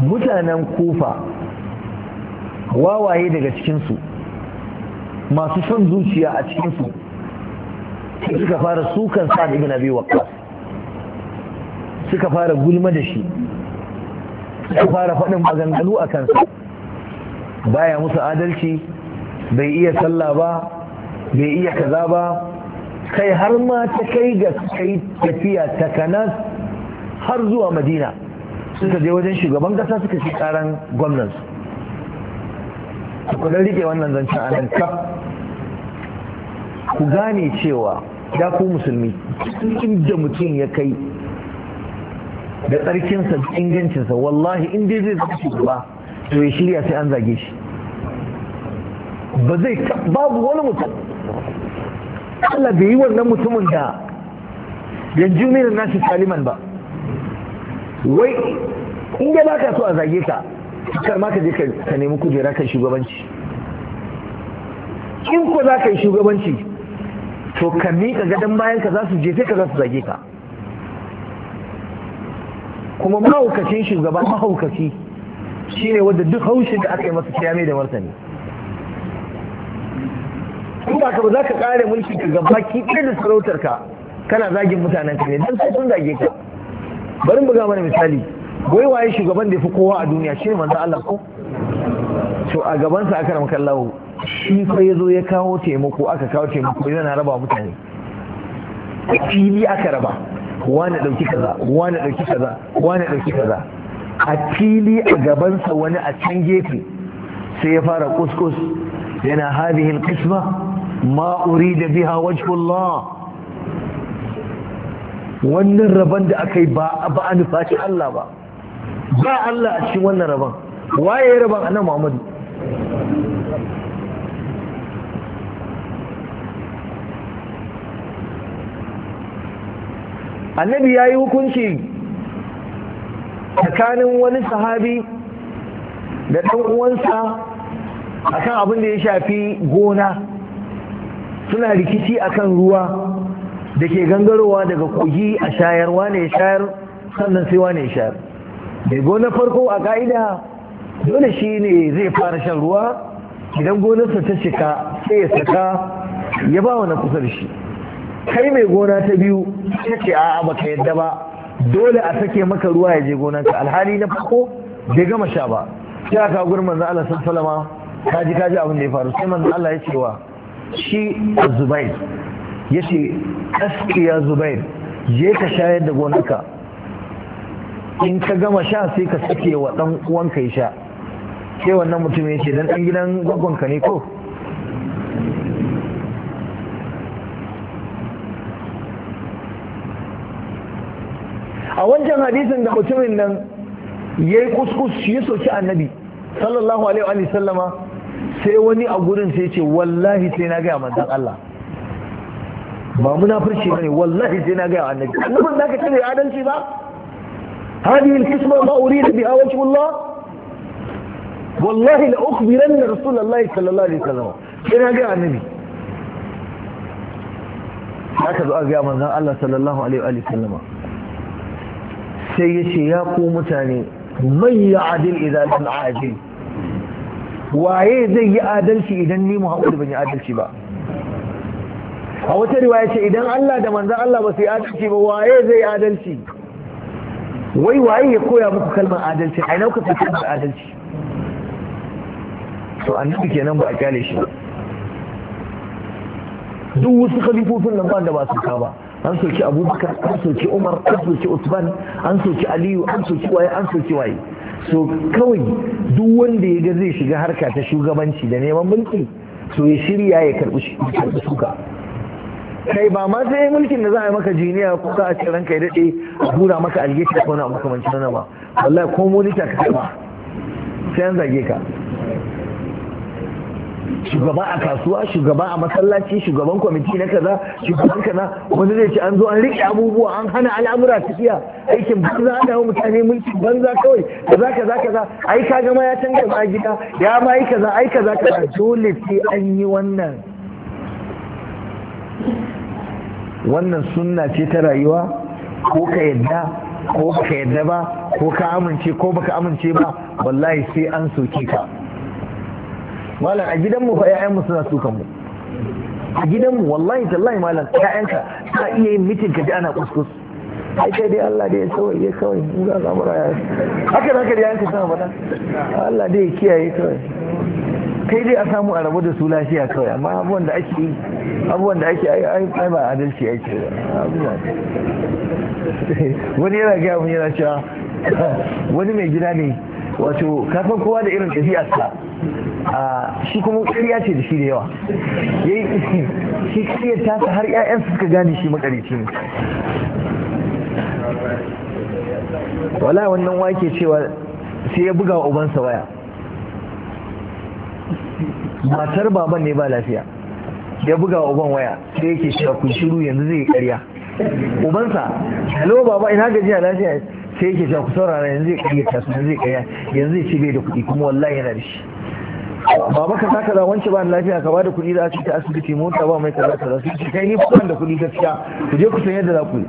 mutanen kufa wawaye daga cikinsu masu son zuciya a cikinsu suka fara sukan sa'ad ibn abi waqqas suka fara gulma da shi suka fara faɗin maganganu a kansa baya musu adalci bai iya sallah ba bai iya kaza ba kai har ma ta kai ga kai tafiya ta kanas har zuwa madina suka je wajen shugaban kasa suka shi karan gwamnan ku dan rike wannan zancen anan kaf ku gane cewa ya ku musulmi inda mutum ya kai da tsarkinsa da ingancinsa wallahi inda zai zama ba, to ya shirya sai an zage shi ba zai babu wani mutum Allah bai yi wannan mutumin da yanzu ne nasu taliman ba wai in ya baka so a zage ka kar ma ka je ka nemi kujera kan shugabanci in ko za ka yi shugabanci to ka miƙa gadon bayan ka za su jefe ka za su zage ka kuma mahaukacin shugaba mahaukaci ne wadda duk haushi da aka yi masa kiyame da martani in ba ka ba za ka kare mulki ka gaba ki ɗaya da sarautar ka kana zagin mutanen ka ne don sai sun zage ka bari buga mana misali wai waye shugaban da ya fi kowa a duniya shine manzo Allah ko to a gabansa aka ramkan lawo shi fa ya zo ya kawo taimako aka kawo taimako yana raba mutane fili aka raba wani ɗauki kaza wani ɗauki kaza wani ɗauki kaza a fili a gabansa wani a can gefe sai ya fara kuskus yana hadihin kisma ma da biha wajhullah wannan rabon da aka yi ba a nufaci Allah ba ba Allah a cikin wannan rabon waye rabon annabi Muhammadu annabi ya yi hukunci tsakanin wani sahabi da ɗan uwansa kan abin da ya shafi gona suna rikici akan ruwa da ke gangarowa daga kogi a shayarwa ne shayar sannan sai wane shayar mai gona farko a ka'ida dole shi ne zai fara shan ruwa idan gonarsa ta cika sai ya saka ya ba wa na kusa da shi kai mai gona ta biyu Ta ce a'a ka yadda ba dole a sake maka ruwa ya je ka alhali na farko bai gama sha ba sai aka gurin manzo Allah salama kaji kaji abin da ya faru sai manzo Allah ya ce wa shi Zubair ya ce askiya Zubair je ka shayar da gonarka in ka gama sha sai ka sake wa dan uwanka ya sha Ke wannan mutum ya ce dan ɗan gidan gwagwanka ne ko a wancan hadisin da mutumin nan ya yi kuskus shi ya soki annabi sallallahu alaihi wa sallama sai wani a gurin sai ce wallahi sai na gaya manzan Allah ba ba ne wallahi sai na gaya annabi annabin da ka ce adalci ba هذه القسمة Wallahi أريد بها وجه الله والله لأخبرن رسول الله صلى الله عليه وسلم annabi. جاء النبي haka a ga manzan Allah sallallahu alaihi wa sallama sai ya ce ya ku mutane mai ya adil idan lam adil waye zai yi adalci idan ni Muhammadu ban yi adalci ba a wata riwaya ce idan Allah da manzan Allah ba su yi adalci ba waye zai yi adalci wai waye ya koya muku kalmar adalci a nauka fi kalmar adalci to annabi kenan ba a kyale shi duk wasu khalifofin nan ba da ba su ka ba an soki abubakar an soki umar an soki usman an soki aliyu an soki waye an soki waye so kawai duk wanda ya ga zai shiga harka ta shugabanci da neman mulki so ya shirya ya karbi suka kai ba ma sai mulkin da za a yi maka jiniya ko ka a ce ranka ya dade a gura maka algeci da kona maka manci ba wallahi ko monita ka kai sai an zage ka shugaba a kasuwa shugaba a masallaci shugaban kwamiti na kaza shugaban kaza wani zai ce an zo an rike abubuwa an hana al'amura tafiya aikin banza ana wa mutane mulki banza kawai kaza kaza kaza ai ka gama ya canza ma gida ya ma yi kaza ai kaza kaza dole sai an yi wannan wannan sunna ce ta rayuwa ko ka yadda ko ka yadda ba ko ka amince ko baka amince ba wallahi sai an soke ka malam a gidanmu fa ƴaƴanmu suna tukan mu a gidanmu wallahi tallahi malam ƴaƴanka ta iya yin mitin ka ji ana kuskus ai kai dai Allah dai ya kawai ya kawai mu ga zamura ya haka haka dai yanka sama bada Allah dai ya kiyaye kawai kai dai a samu a rabu da su lafiya kawai amma abubuwan da ake yi abubuwan da ake ai ba adalci ake wani yana gaya mun yana cewa wani mai gida ne wato kafin kowa da irin ɗabi'arsa a shi kuma ƙarya ce da shi da yawa ya yi iski shi ƙarya tasa har 'ya'yansu suka gane shi makarici ne wala wannan wake cewa sai ya buga wa ubansa waya matar baban ne ba lafiya ya buga wa uban waya sai yake cewa kun shiru yanzu zai yi ƙarya ubansa hello baba ina gajiya lafiya sai yake cewa saurara yanzu ya kariya ta zai kaya yanzu ya ci bai da kuɗi kuma wallahi yana da shi baba ka saka da wancan ba lafiya ka ba da kuɗi za a ci ta asibiti mota ba mai kaza kaza Sai kai ni fukan da kuɗi gaskiya ku je ku san yadda za ku yi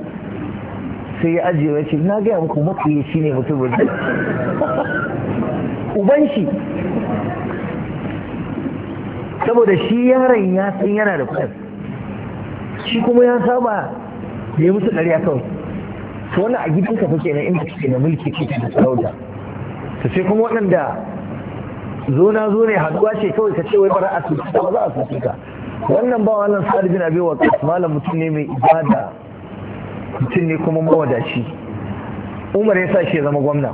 sai ya ajiye ya ce na gaya muku makiyi shi ne mutum zai uban shi saboda shi yaron ya san yana da kuɗin shi kuma ya saba ya yi musu ɗari a kawai to wani a gidanka fa kenan inda kake na mulki kike da sarauta to sai kuma waɗanda zo na zo ne haduwa ce kawai ka ce wai bara a tuka ba za a tuka ka wannan ba wannan sa'ad bin abi wa malam mutum ne mai ibada mutum ne kuma mawadaci umar ya sa shi ya zama gwamna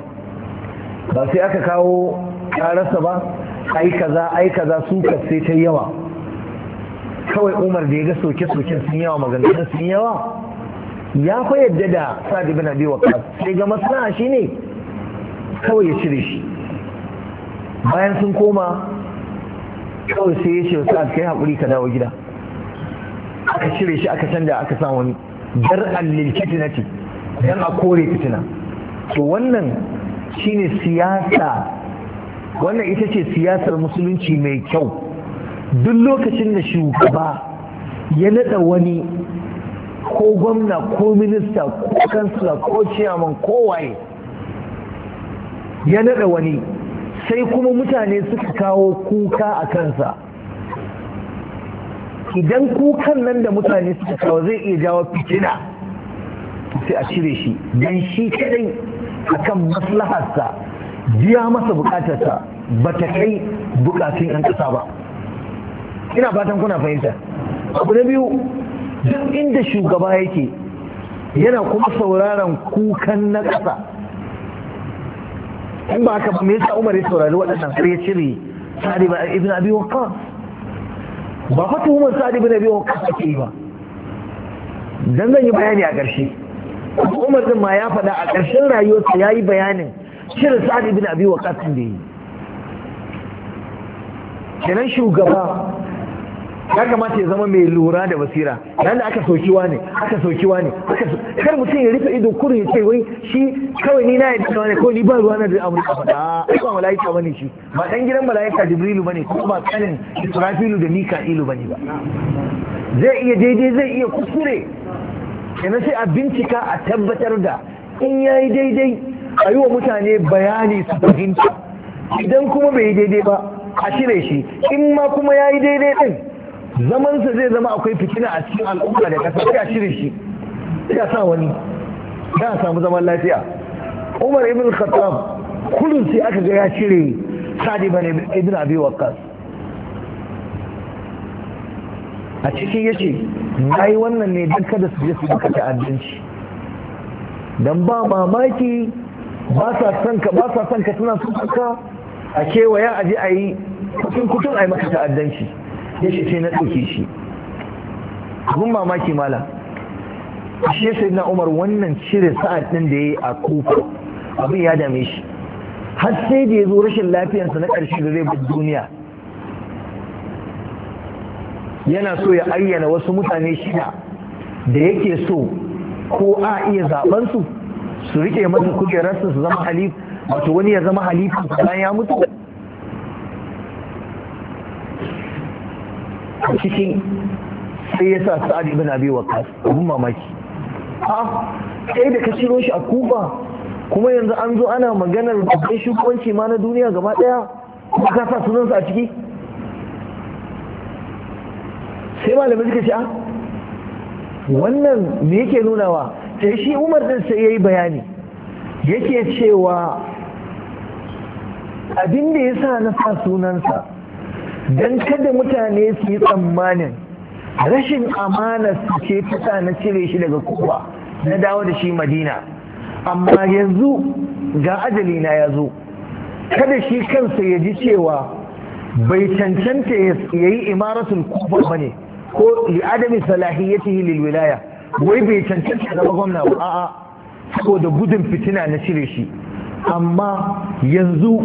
ba sai aka kawo karasa ba ai kaza ai kaza sai ta yawa kawai umar da ya ga soke-soken sun yawa maganganun sun yawa ya fa yadda da sa'ad bin abi waqas sai ga maslaha shine kawai ya cire shi bayan sun koma kawai sai ya ce sa'ad kai hakuri ka dawo gida aka cire shi aka canja aka sa wani jar alil fitnati dan a kore fitina to wannan shine siyasa wannan ita ce siyasar musulunci mai kyau duk lokacin da shugaba ya nada wani ko gwamna ko minista ko kansila ko ciyaman ko waye ya naɗa wani sai kuma mutane suka kawo kuka a kansa idan kukan nan da mutane suka kawo zai iya jawo fitina sai a cire shi don shi kadai akan maslaharsa biya masa bukatarsa ba ta kai bukatun 'yan ƙasa ba ina fatan kuna fahimta abu na biyu duk inda shugaba yake yana kuma sauraron kukan na ƙasa in ba haka me yasa Umar ya saurari waɗannan sai ya cire sa'adi ba ibn Abi Waqqas ba fa tuhumar sa'adi ibn Abi Waqqas ake ba dan zan yi bayani a ƙarshe Umar din ma ya faɗa a ƙarshen rayuwarsa ya yi bayanin cire sa'adi ibn Abi Waqqas din da yi kenan shugaba ya kamata ya zama mai lura da basira yayin aka saukiwa ne aka saukiwa ne kar mutum ya rufe ido kurin ya ce wai shi kawai ni na yadda wani ko ni ba ruwa na da amurka faɗa ai ba malaika bane shi ba dan gidan malaika jibrilu bane ko ba kanin israfilu da mika'ilu bane ba zai iya daidai zai iya kuskure kenan sai a bincika a tabbatar da in ya yi daidai a yi wa mutane bayani su fahimta idan kuma bai yi daidai ba a cire shi in ma kuma ya yi daidai din zamansa zai zama akwai fitina a cikin al'umma da kasa ya a cire shi sai a sa wani da samu zaman lafiya umar ibn khattab kullum sai aka ga ya cire sadi bane ibn abi waqqas a cikin yace nayi wannan ne dan kada su je su duka ta'addanci dan ba mamaki ba sa son ka ba sa son ka suna son ka a kewaya a je a yi kutun kutun a yi maka ta'addanci ya shi sai na ɗauke shi abin mamaki malam shi sai na umar wannan cire sa'ad ɗin da ya yi a kufa abin ya dame shi har sai da ya zo rashin lafiyarsa na ƙarshe da zai bi duniya yana so ya ayyana wasu mutane shida da yake so ko a iya zaɓansu, su rike masa kujerarsa su zama halifa wato wani ya zama halifa bayan ya mutu a cikin sai ya sa sa'ad ibn abi waqas abun mamaki a sai da ka ciro shi a kufa kuma yanzu an zo ana maganar babban shugabanci ma na duniya gaba daya kuma ka sa sunansa a ciki sai malamin suka ce a ah, wannan me yake nunawa sai shi umar din sai yayi bayani yake cewa abin da ya sa na sa sunansa don kada mutane su yi tsammanin rashin amana su ce fita na cire shi daga kowa na dawo da shi madina amma yanzu ga ajali na ya zo kada shi kansa ya ji cewa bai cancanta ya yi imaratul kufa ba ne ko li'adami ci lil wilaya wai bai cancanta zama gwamna ba a'a saboda gudun fitina na cire shi amma yanzu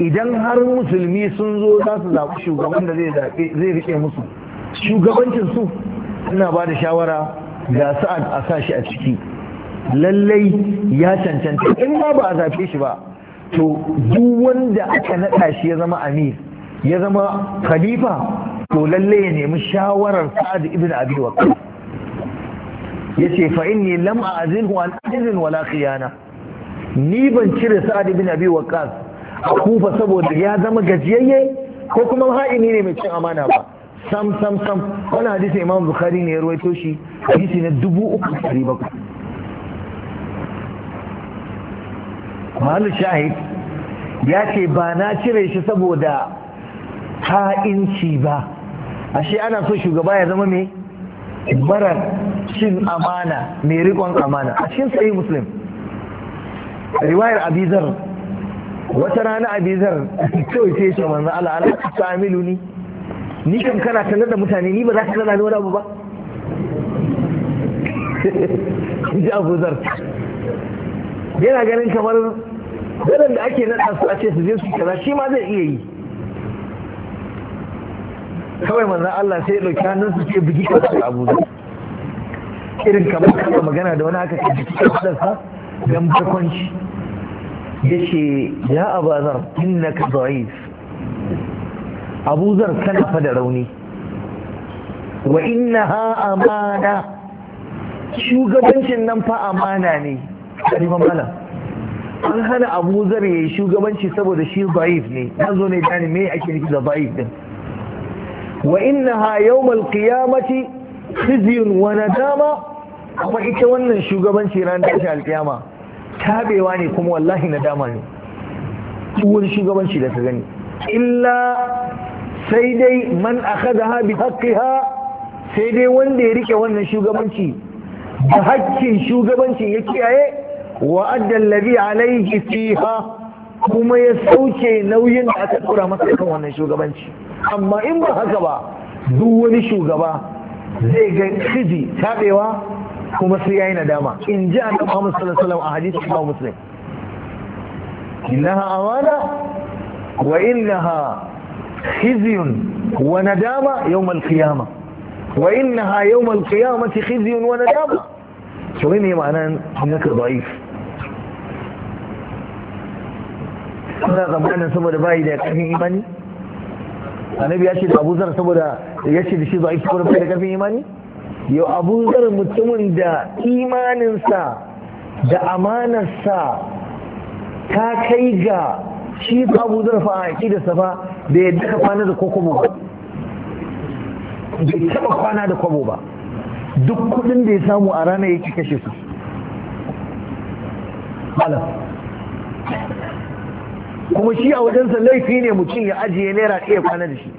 idan har musulmi sun zo za su zaɓi shugaban da zai riƙe musu shugabancin su ina ba da shawara ga sa'ad a sa shi a ciki lallai ya cancanta in ma ba a zaɓe shi ba to duk wanda aka naɗa shi ya zama amir ya zama khalifa to lallai ya nemi shawarar sa'ad ibn abi Ya yace fa inni lam a an wala khiyana ni ban cire sa'ad ibn abi waqas a kufa saboda ya zama gajiyayye ko kuma ha'ini ne mai cin amana ba sam sam sam wani hadisi imam bukhari ne ya ruwaito shi hadisi na dubu uku ɗari bakwai shahid ya ce ba na cire shi saboda ha'inci ba ashe ana so shugaba ya zama mai barar cin amana mai riƙon amana a cikin sayi muslim riwayar abizar wata rana abizar kawai sai ce manzo Allah ala amilu ni ni kan kana sanar da mutane ni ba za ka sanar da wani abu ba ji abuzar yana ganin kamar da ake naɗa su a ce su je su kaza shi ma zai iya yi kawai manzan Allah sai ɗauki hannun su ce bugi ka abuzar irin kamar kama magana da wani haka ka jiki ka sa dan barkwanci yace ya abazar innaka da'if abuzar kana fa da rauni wa innaha amana shugabancin nan fa amana ne kariman malam an hana abuzar yi shugabanci saboda shi da'if ne nazo ne gane me ake nufi da da'if din wa innaha yawmal qiyamati khizyun wa nadama Akwai ita wannan shugabanci ran tashi alkiyama tabewa ne kuma wallahi na dama ne tsohon shugabanci da ka gani illa sai dai man akhadha bi haƙiha, sai dai wanda ya rike wannan shugabanci da haƙƙin shugabancin ya kiyaye wa adda alladhi alayhi fiha kuma ya sauke nauyin da aka tura masa kan wannan shugabanci amma in ba haka ba duk wani shugaba zai ga kiji tabewa kuma sai yayi nadama in ji annabi Muhammad sallallahu alaihi wasallam a hadisi Imam Muslim innaha awana wa innaha khizyun wa nadama yawm al qiyama wa innaha yawm al-qiyamati khizyun wa nadama to ne ma'ana annaka da'if ga zamanin saboda bai da kafin imani annabi ya ce da abuzar saboda ya ce da shi da'if saboda da karfin imani yau abu zar mutumin da imaninsa da amanarsa ta kai ga shi abu zar fa a aƙidarsa ba da yadda ka kwana da kwabo ba bai taɓa kwana da kwabo ba duk kudin da ya samu a rana yake kashe su kuma shi a wajensa laifi ne mutum ya ajiye naira ɗaya kwana da shi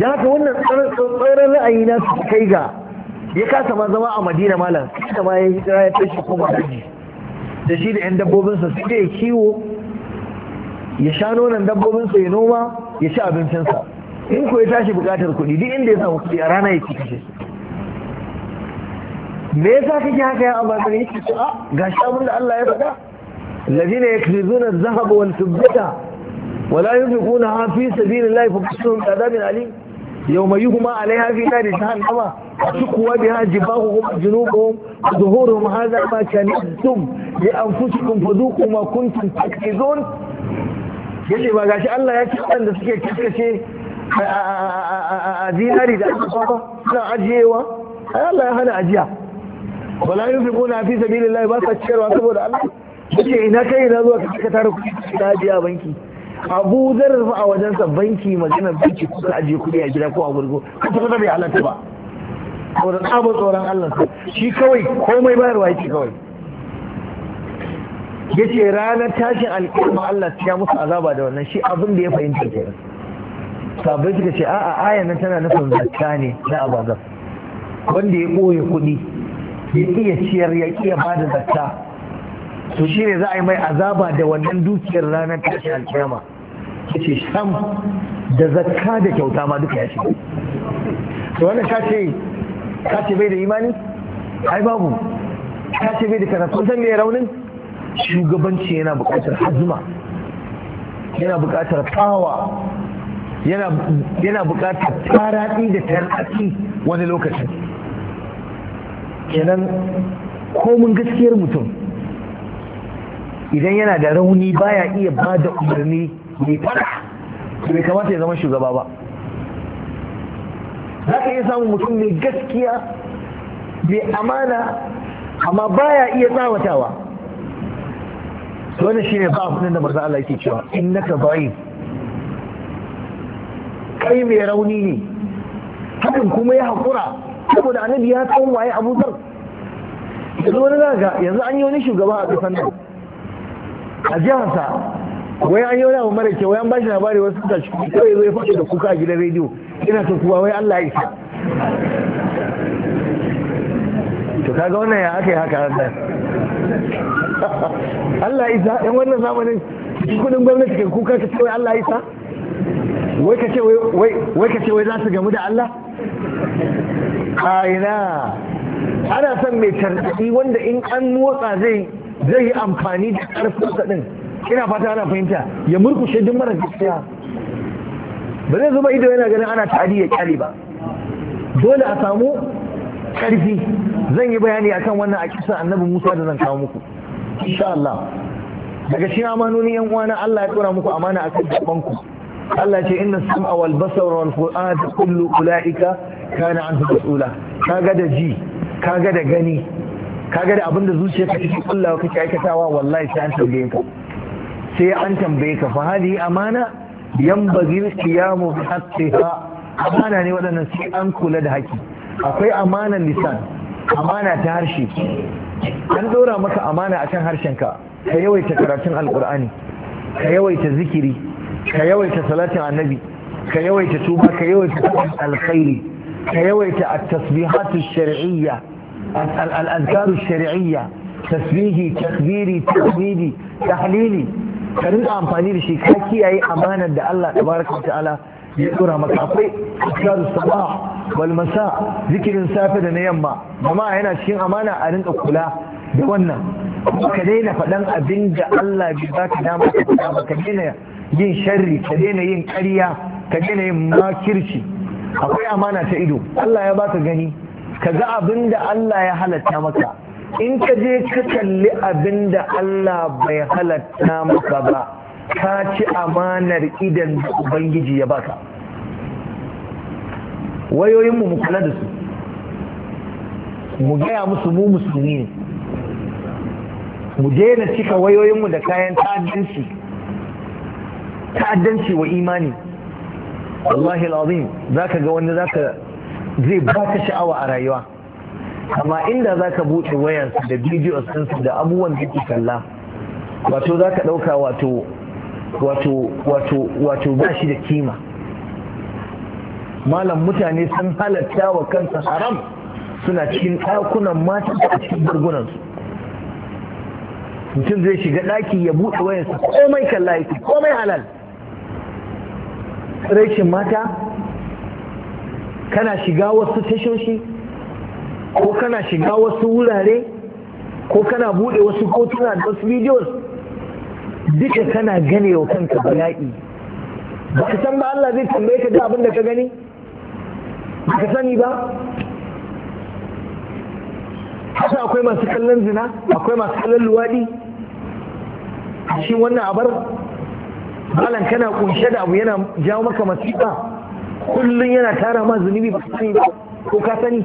da haka wannan tsauran ra'ayi na su kai ga ya kasa ma zama a madina malam da ma ya yi hijira ya shi kuma daji da shi da 'yan dabbobinsa su ya kiwo ya sha nonon dabbobinsa ya noma ya ci abincinsa in ko ya tashi bukatar kuɗi duk inda ya samu kuɗi a rana ya ci kashe me yasa kake haka ya abakar ya ce a ga shi da Allah ya faɗa الذين يكنزون الذهب والفضة ولا ينفقونها في سبيل الله فبشرهم بعذاب alim يوم يهما عليها في نار جهنم تكوى بها جباههم جنوبهم ظهورهم هذا ما كنتم لأنفسكم فذوقوا ما كنتم تكذبون yace ba gashi Allah ya ce waɗanda suke kaskace a zinari da aka ba suna ajiyewa ai Allah ya hana ajiya wala yunfiquna fi sabilillahi ba sa ciyarwa saboda Allah yace ina kai ina zuwa ka tara kuɗi na ajiya banki abu zarrafa a wajensa banki maganar banki kuka ajiye kuɗi a gida ko a gurgo kuka kuka bai halatta ba da abu tsoron Allah shi kawai komai bayarwa yake kawai ya ce ranar tashin alƙirma Allah ya musu azaba da wannan shi abin da ya fahimta kenan sabai suka ce a'a ayan tana nufin zakka ne na abazar wanda ya ɓoye kuɗi ya iya ciyar ya iya ba da zakka to shi ne za a yi mai azaba da wannan dukiyar ranar tashin alkiyama Ta ce sam da zakka da kyauta ma duka ya ce. to wannan ka ce ta ce bai da imani ai babu ka ce bai da karatu san me raunin shugabanci yana buƙatar hazma yana buƙatar fawa yana buƙatar taraɗi da tarɗaɗi wani lokacin kenan komin gaskiyar mutum idan yana da rauni baya iya ba da umarni mai fada bai kamata ya zama shugaba ba za ka iya samun mutum mai gaskiya mai amana amma baya iya tsawatawa shi ne ba abin da manzo Allah yake cewa in naka bayi. kai mai rauni ne hakan kuma ya haƙura saboda annabi ya tsawon waye Abu Dhar yanzu wani zaga yanzu an yi wani shugaba a kasan nan a jihansa wai an yi wani abu mara kyau wai an bashi labari wasu suka shi kawai zai faɗi da kuka a gidan rediyo ina ta kuwa wai Allah ya isa to kaga wannan ya aka yi haka Allah Allah isa yan wannan zamanin kudin gwamnati ke kuka ka ce wai Allah isa wai ka ce wai wai ka ce wai za su gamu da Allah a ina ana son mai tarbi wanda in an motsa zai zai yi amfani da ƙarfinsa ɗin ina fata ana fahimta ya murkushe duk mara gaskiya ba zai zuba ido yana ganin ana tari ya ƙyale ba dole a samu ƙarfi zan yi bayani akan wannan a kisa annabi musa da zan kawo muku insha Allah daga shi amanoni yan uwana Allah ya tsora muku amana akan gaban ku Allah ce inna sam'a wal basara wal fu'ada kullu ulaika kana anhu mas'ula kaga da ji kaga da gani kaga da abinda zuciyarka cikin kullawa kake aikatawa wallahi sai an tambaye ka sai an tambaye ka fa hadi amana 'yan bazir qiyamu bi haqqiha amana ne waɗannan sai an kula da haƙƙi akwai amanan lisan amana ta harshe an ɗora maka amana a kan harshenka ka yawaita karatun alƙur'ani ka yawaita zikiri ka yawaita salatin annabi ka yawaita tuba ka yawaita alkhairi ka yawaita at-tasbihatu shar'iyyah الأذكار الشرعية تسبيحي تكبيري تحميدي تحليلي ka rinka amfani da shi ka kiyaye amanar da Allah tabaraka wa ta'ala ya dora maka akwai askaru sabah wal zikirin safe da na yamma Jama'a yana cikin amana a rinka kula da wannan ka daina faɗan abinda da Allah bai ba ka dama ka faɗa ba ka daina yin sharri ka daina yin karya, ka daina yin makirci akwai amana ta ido Allah ya baka gani ka ga abin da Allah ya halatta maka in ka je ka kalli abin da Allah bai halatta maka ba ka ci amanar idan da Ubangiji ya baka wayoyinmu mu kula da su mu gaya musu mu musulmi ne mu daina cika wayoyinmu da kayan ta'addanci ta'addanci wa imani wallahi za ka ga wanda ka zai baka sha'awa a rayuwa amma inda za ka buɗe wayarsu da bidiyo ɗinsu da abubuwan da ke kalla wato za ka ɗauka wato wato wato wato ba shi da kima malam mutane sun halatta wa kansa haram suna cikin ɗakunan mata a cikin burgunansu mutum zai shiga ɗaki ya buɗe wayarsa komai kalla yake komai halal rashin mata kana shiga wasu tashoshi ko kana shiga wasu wurare ko kana bude wasu kotuna da wasu videos duka kana gane wa kanka bala'i ba ka san ba Allah zai tambaye ka da abin da ka gani ba ka sani ba haka akwai masu kallon zina akwai masu kallon luwaɗi shi wannan abar malam kana kunshe da abu yana jawo maka masifa kullum yana tara ma zunubi ba sani ba ko ka sani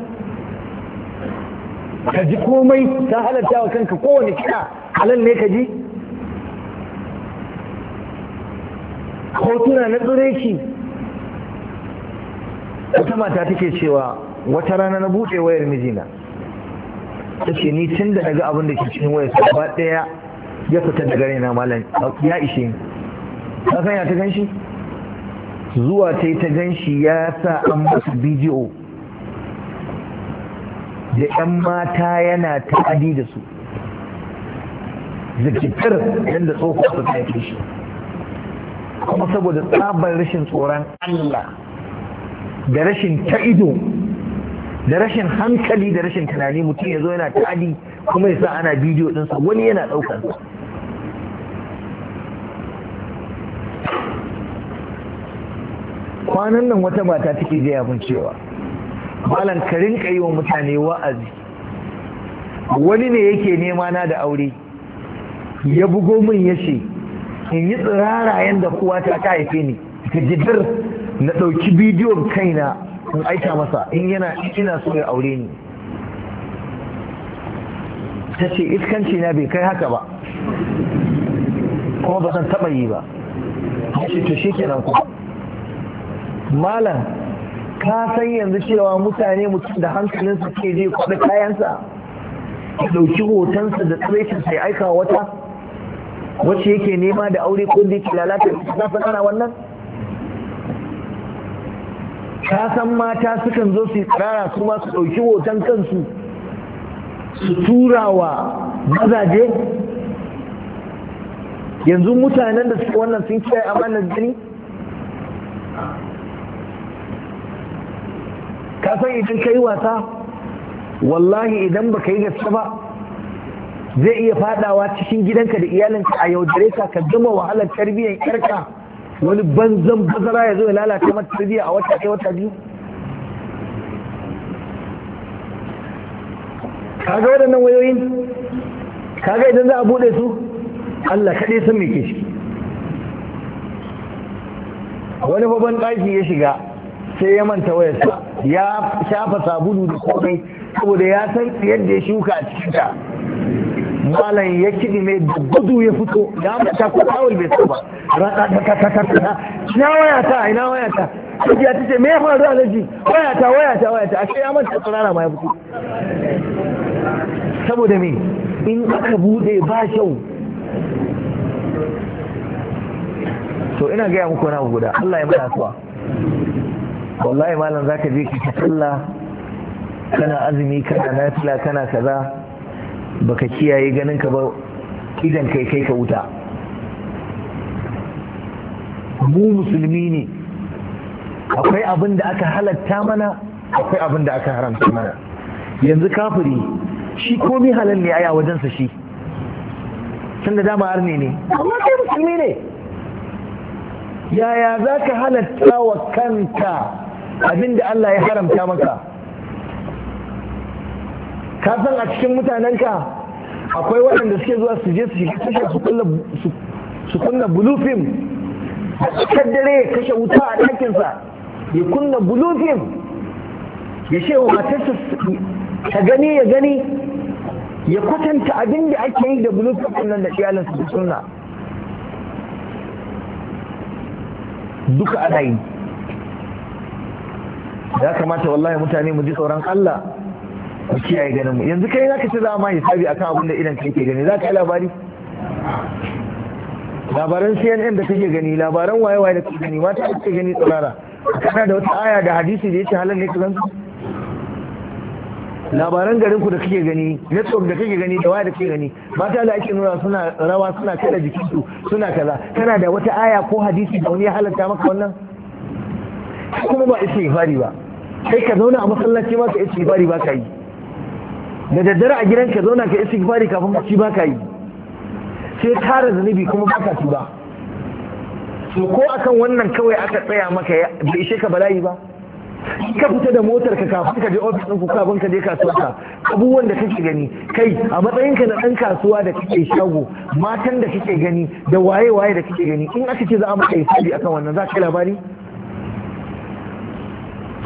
ka ji komai ta halatta wa kanka kowane kira halal ne ka ji hotuna na tsireki wata mata take cewa wata rana na buɗe wayar mijina ta ce ni tun da daga abin da ke cikin wayar ba ɗaya ya fita daga na malam ya ishe ni ka san ya ta gan shi zuwa ta yi ta gan shi ya sa an masa bidiyo da 'yan mata yana ta'adi da su zikitar yadda tsofa su ta shi kuma saboda tsabar rashin tsoron Allah da rashin ta da rashin hankali da rashin tunani mutum ya zo yana ta'adi kuma ya sa ana bidiyo ɗinsa wani yana ɗaukansa kwanan nan wata mata take gaya mun cewa malam ka rinka yi wa mutane wa'azi wani ne yake nema na da aure ya bugo min ya ce in yi tsirara yadda kowa ta ta haife ni ta jidar na ɗauki bidiyon kaina in aika masa in yana ina so ya aure ni ta ce iskanci na bai kai haka ba kuma ba san taɓa yi ba ya ce to shi kenan kuma malam ka san yanzu cewa mutane mutum da hankalinsa ke je kwaɗa kayansa ya ɗauki hotonsa da tsiraitin sai aika wata wacce yake nema da aure ko da yake lalata na san wannan ka san mata sukan zo su yi tsirara su su ɗauki hoton kansu su tura wa mazaje yanzu mutanen da suke wannan sun kiyaye amanar jini san idan ka yi wasa wallahi idan baka yi gaske ba zai iya fadawa cikin gidanka da iyalinka a yaudare ka ka gama wahalar tarbiyyar karka wani banzan bazara ya zo ya lalata mata tarbiyya a wata ɗaya wata biyu kaga waɗannan wayoyin kaga idan za a buɗe su Allah kaɗai san me ke shi wani babban ɗaki ya shiga sai ya manta wayarsa ya shafa sabulu da komai saboda ya san yadda ya shuka a cikin ta malam ya kiɗi mai da gudu ya fito ya manta ko tawul bai saba rata da ka ta ta ina wayata ina wayata kiji ta ce me ya faru alaji wayata wayata wayata ashe ya manta tsara ma ya fito saboda me in aka bude ba shau to ina gaya muku na guda Allah ya mana suwa wallahi malam zaka je ki sallah kana azumi kana nafila kana kaza baka kiyaye ganin ka ba idan kai kai ka wuta mu musulmi ne akwai abin da aka halatta mana akwai abin da aka haramta mana yanzu kafiri shi komai halal ne aya wajensa shi tun da dama arni ne amma kai musulmi ne yaya za ka halatta wa kanta? abinda Allah ya haramta maka ka san a cikin mutanenka akwai waɗanda suke zuwa su je su shiga tashar su kunna bulufin cikin dare kashe wuta a ɗakinsa ya kunna bulufin ya ce wa matarsa ta gani ya gani ya kwatanta abin da ake yi da bulufin nan da iyalinsa da suna duka ana yi ya kamata wallahi mutane mu ji tsoron Allah mu kiyaye ganin mu yanzu kai zaka ci zama ma hisabi akan abin da idan kake gani zaka yi labari labaran CNN da kake gani labaran waye waye da kake gani mata kake gani tsirara kana da wata aya da hadisi da yake halal ne ka zanzu labaran garin ku da kake gani network da kake gani da waya da kake gani mata da ake nuna suna rawa suna kada jikinsu suna kaza kana da wata aya ko hadisi da wani ya halatta maka wannan kuma ba fari ba Sai ka zauna a masallaci ba ka istighfari ba ka yi da daddare a gidan ka zauna ka istighfari kafin kaci ba ka yi sai tara zunubi kuma ba ka ba so ko akan wannan kawai aka tsaya maka bai ishe ka bala'i ba ka fita da motar ka kafin ka je ofis ɗin ku kafin ka je kasuwa ka abubuwan da kake gani kai a matsayin ka na ɗan kasuwa da kake shago matan da kake gani da waye waye da kake gani in aka ce za a maka hisabi akan wannan za ka yi labari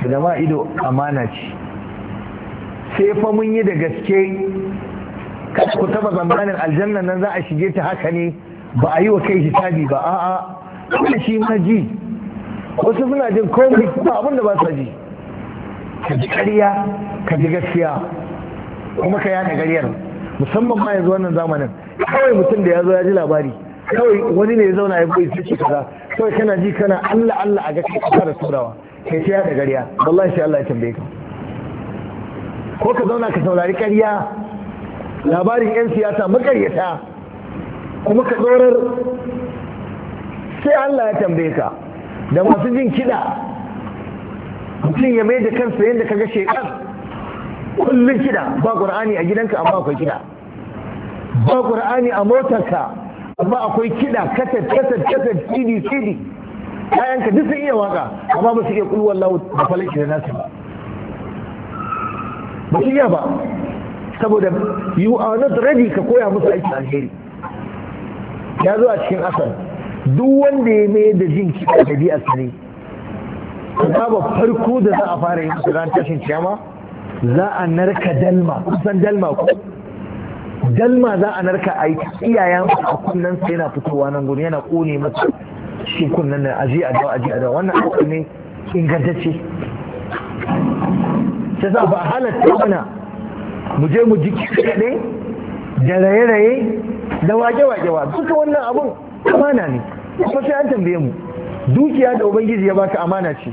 zama ido amana ce sai fa mun yi da gaske ku taba zamanin aljanna nan za a shige ta haka ne ba a yi wa kai hisabi ba a'a kuma shi ma ji wasu suna jin komai ba abin da ba sa ji ka ji ƙarya ka ji gaskiya kuma ka yaɗa ƙaryar musamman ma yanzu wannan zamanin kawai mutum da ya zo ya ji labari kawai wani ne ya zauna ya bai sai kaza kawai kana ji kana Allah Allah a ga kai ka fara turawa kai ya da gariya wallahi sai Allah ya tambaye ka ko ka zauna ka saurari ƙarya labarin 'yan siyasa makaryata kuma ka tsorar sai Allah ya tambaye ka da masu jin kiɗa mutum ya mai da kansa yadda ka ga shekar kullum kiɗa ba ƙur'ani a gidanka amma akwai kiɗa ba ƙur'ani a motarka amma akwai kiɗa kasar kasar kasar cd cd kayanka duk sun iya waka amma ba su iya kulu lawo da falaki da nasu ba ba su iya ba saboda you are not ready ka koya musu aikin alheri ya zo a cikin asar duk wanda ya mai da jin kiɗa da bi asali zaba farko da za a fara yin su ran tashin kiyama za a narka dalma kusan dalma ko dalma za a narka a yi iyayen a kunnen sai yana fitowa nan gudu yana kone masa shi kunnen da aji a dawa aji a dawa wannan aiki ne ingantacce ta za ba halatta mana mu je mu ji kaɗe da raye-raye da wage-wage wa duka wannan abun amana ne kuma sai an tambaye mu dukiya da ubangiji ya baka amana ce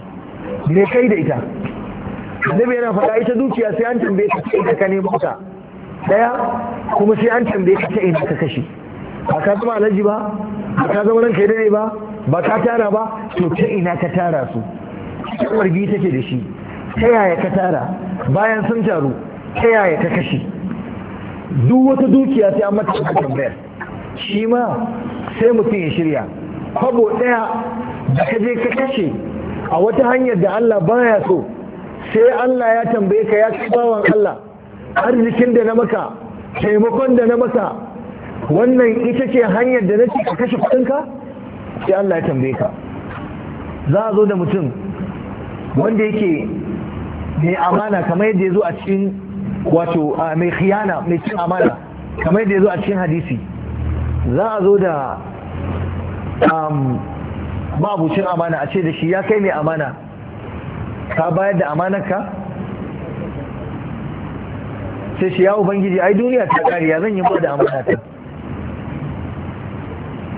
me kai da ita annabi yana faɗa ita dukiya sai an tambaye ta ce da ka nemo ta daya kuma sai an tambaye ka ta ina ka kashe ba ka zama alhaji ba ba ka zama ranka dare ba ba ka tara ba to ta ina ka tara su wargi take da shi ta yaya ka tara bayan sun taru ta yaya ka kashe duk wata dukiya ta mata ta tambayar shi ma sai mutum ya shirya kwabo ɗaya da ka je ka kashe a wata hanyar da Allah baya so sai Allah ya tambaye ka ya ci bawan Allah arzikin da na maka taimakon da na maka wannan ita ce hanyar da na ce ka kashe kudinka sai Allah ya tambaye ka za a zo da mutum wanda yake mai amana kamar yadda ya zo a cikin wato mai khiyana mai cin amana kamar yadda ya zo a cikin hadisi za a zo da ma'abucin amana a ce da shi ya kai mai amana ka bayar da ka? sai shi ya ubangiji ai duniya ta kare ya zan yi ba da amana ta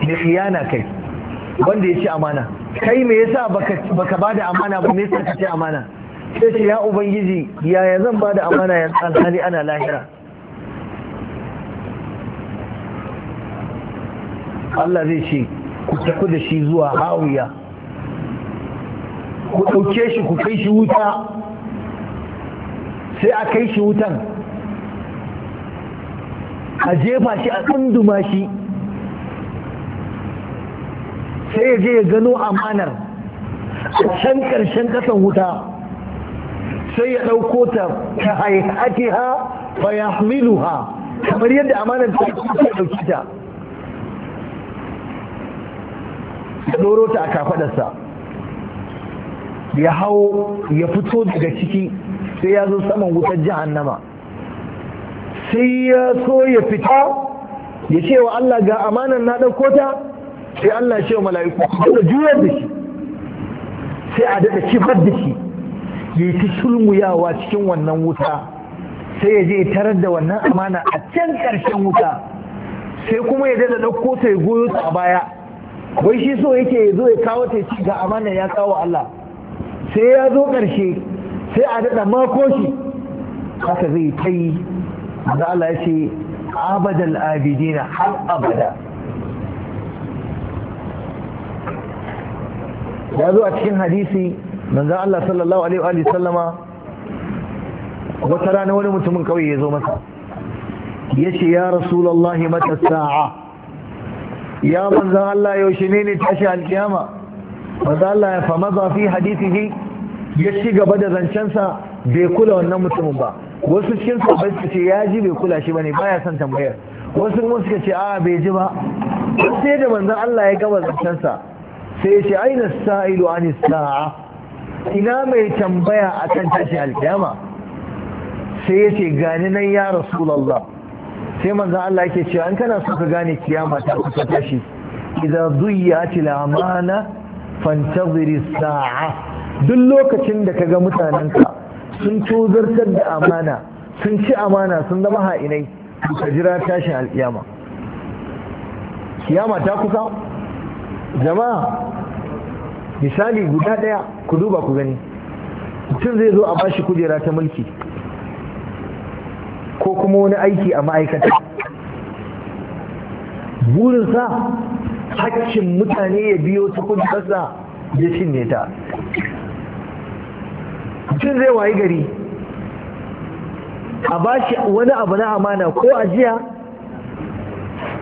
ne iyana kai wanda ya ci amana kai me yasa baka ba da amana ba me yasa ka ci amana sai shi ya ubangiji yaya zan ba da amana ya alhali ana lahira Allah zai ce ku tafi da shi zuwa hawiya ku ɗauke shi ku kai shi wuta sai a kai shi wutan a jefa shi a tsunduma shi sai ya ya gano amanar a can ƙarshen ƙasan wuta sai ya ɗauko ta ta haihati ha fa ya ha kamar yadda amanar ta ɗauki ta ya ɗoro ta a kafaɗarsa ya hau ya fito daga ciki sai ya zo saman wutar jihannama nama sai ya so ya fita ya ce wa Allah ga amanar na ɗauko ta sai Allah ce wa mala'iku da juyar da shi sai a daɗa kifar da shi ya yi ta sulmuyawa cikin wannan wuta sai ya je ya tarar da wannan amana a can ƙarshen wuta sai kuma ya daɗa ɗauko ta ya goyo ta a baya wai shi so yake ya zo ya kawo ta ci ga amana ya kawo Allah sai ya zo ƙarshe sai a daɗa mako shi haka zai ta yi manzo Allah ya ce abadal abidina har abada ya zo a cikin hadisi manzo Allah sallallahu alaihi wa sallama wata rana wani mutumin kawai ya zo masa ya ce ya rasulullahi mata sa'a ya manzo Allah yaushe ne ne tashi alkiyama manzo Allah ya fama zafi hadisi hadisihi ya ci gaba da zancensa bai kula wannan mutumin ba wasu cikin sahabbai su ce ya ji bai kula shi bane baya son tambayar wasu kuma suka ce a bai ji ba sai da manzon Allah ya gama zancensa sai ya ce aina sa'ilu an sa'a ina mai tambaya akan tashi alkiyama sai ya ce gani nan ya rasulullah sai manzon Allah yake cewa an kana so ka gane kiyama ta kusa tashi idza duyyat al-amana fantaziri sa'a duk lokacin da kaga ka. sun tozartar da amana sun ci amana sun zama ha'inai ka jira tashin alkiyama kiyama ta kusa jama'a misali guda daya ku duba ku gani mutum zai zo a bashi kujera ta mulki ko kuma wani aiki a ma'aikata burinsa hakkin mutane ya biyo ta kujerarsa ya cinye ta mutum zai wayi gari a ba shi wani abu na amana ko ajiya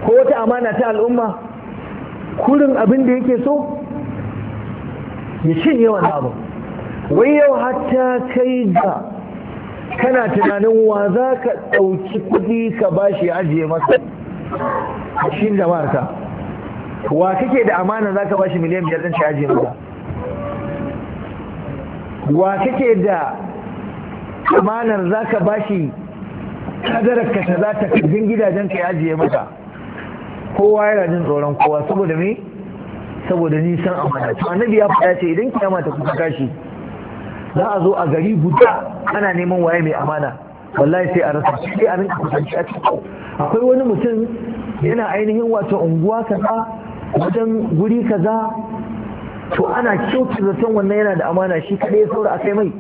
ko wata amana ta al'umma kurin abin da yake so ya cinye wani abu wai yau hatta kai ga kana tunanin wa za ka ɗauki kudi ka ba shi ajiye masa a da jama'arka wa kake da amana za ka ba shi miliyan biyar ɗin shi ajiye masa wa kake da amanar za ka bashi ka ta za ta kajin gidajen ka ya ajiye maka kowa yana jin tsoron kowa saboda me saboda nisan amana to annabi ya faɗa ce idan kiyama ta kuka kashi za a zo a gari guda ana neman waye mai amana wallahi sai a rasa sai a rinka kusanci a cikin akwai wani mutum yana ainihin wato unguwa kaza wajen guri kaza to ana kyautu zaton wannan yana da amana shi kaɗai ya saura a kai mai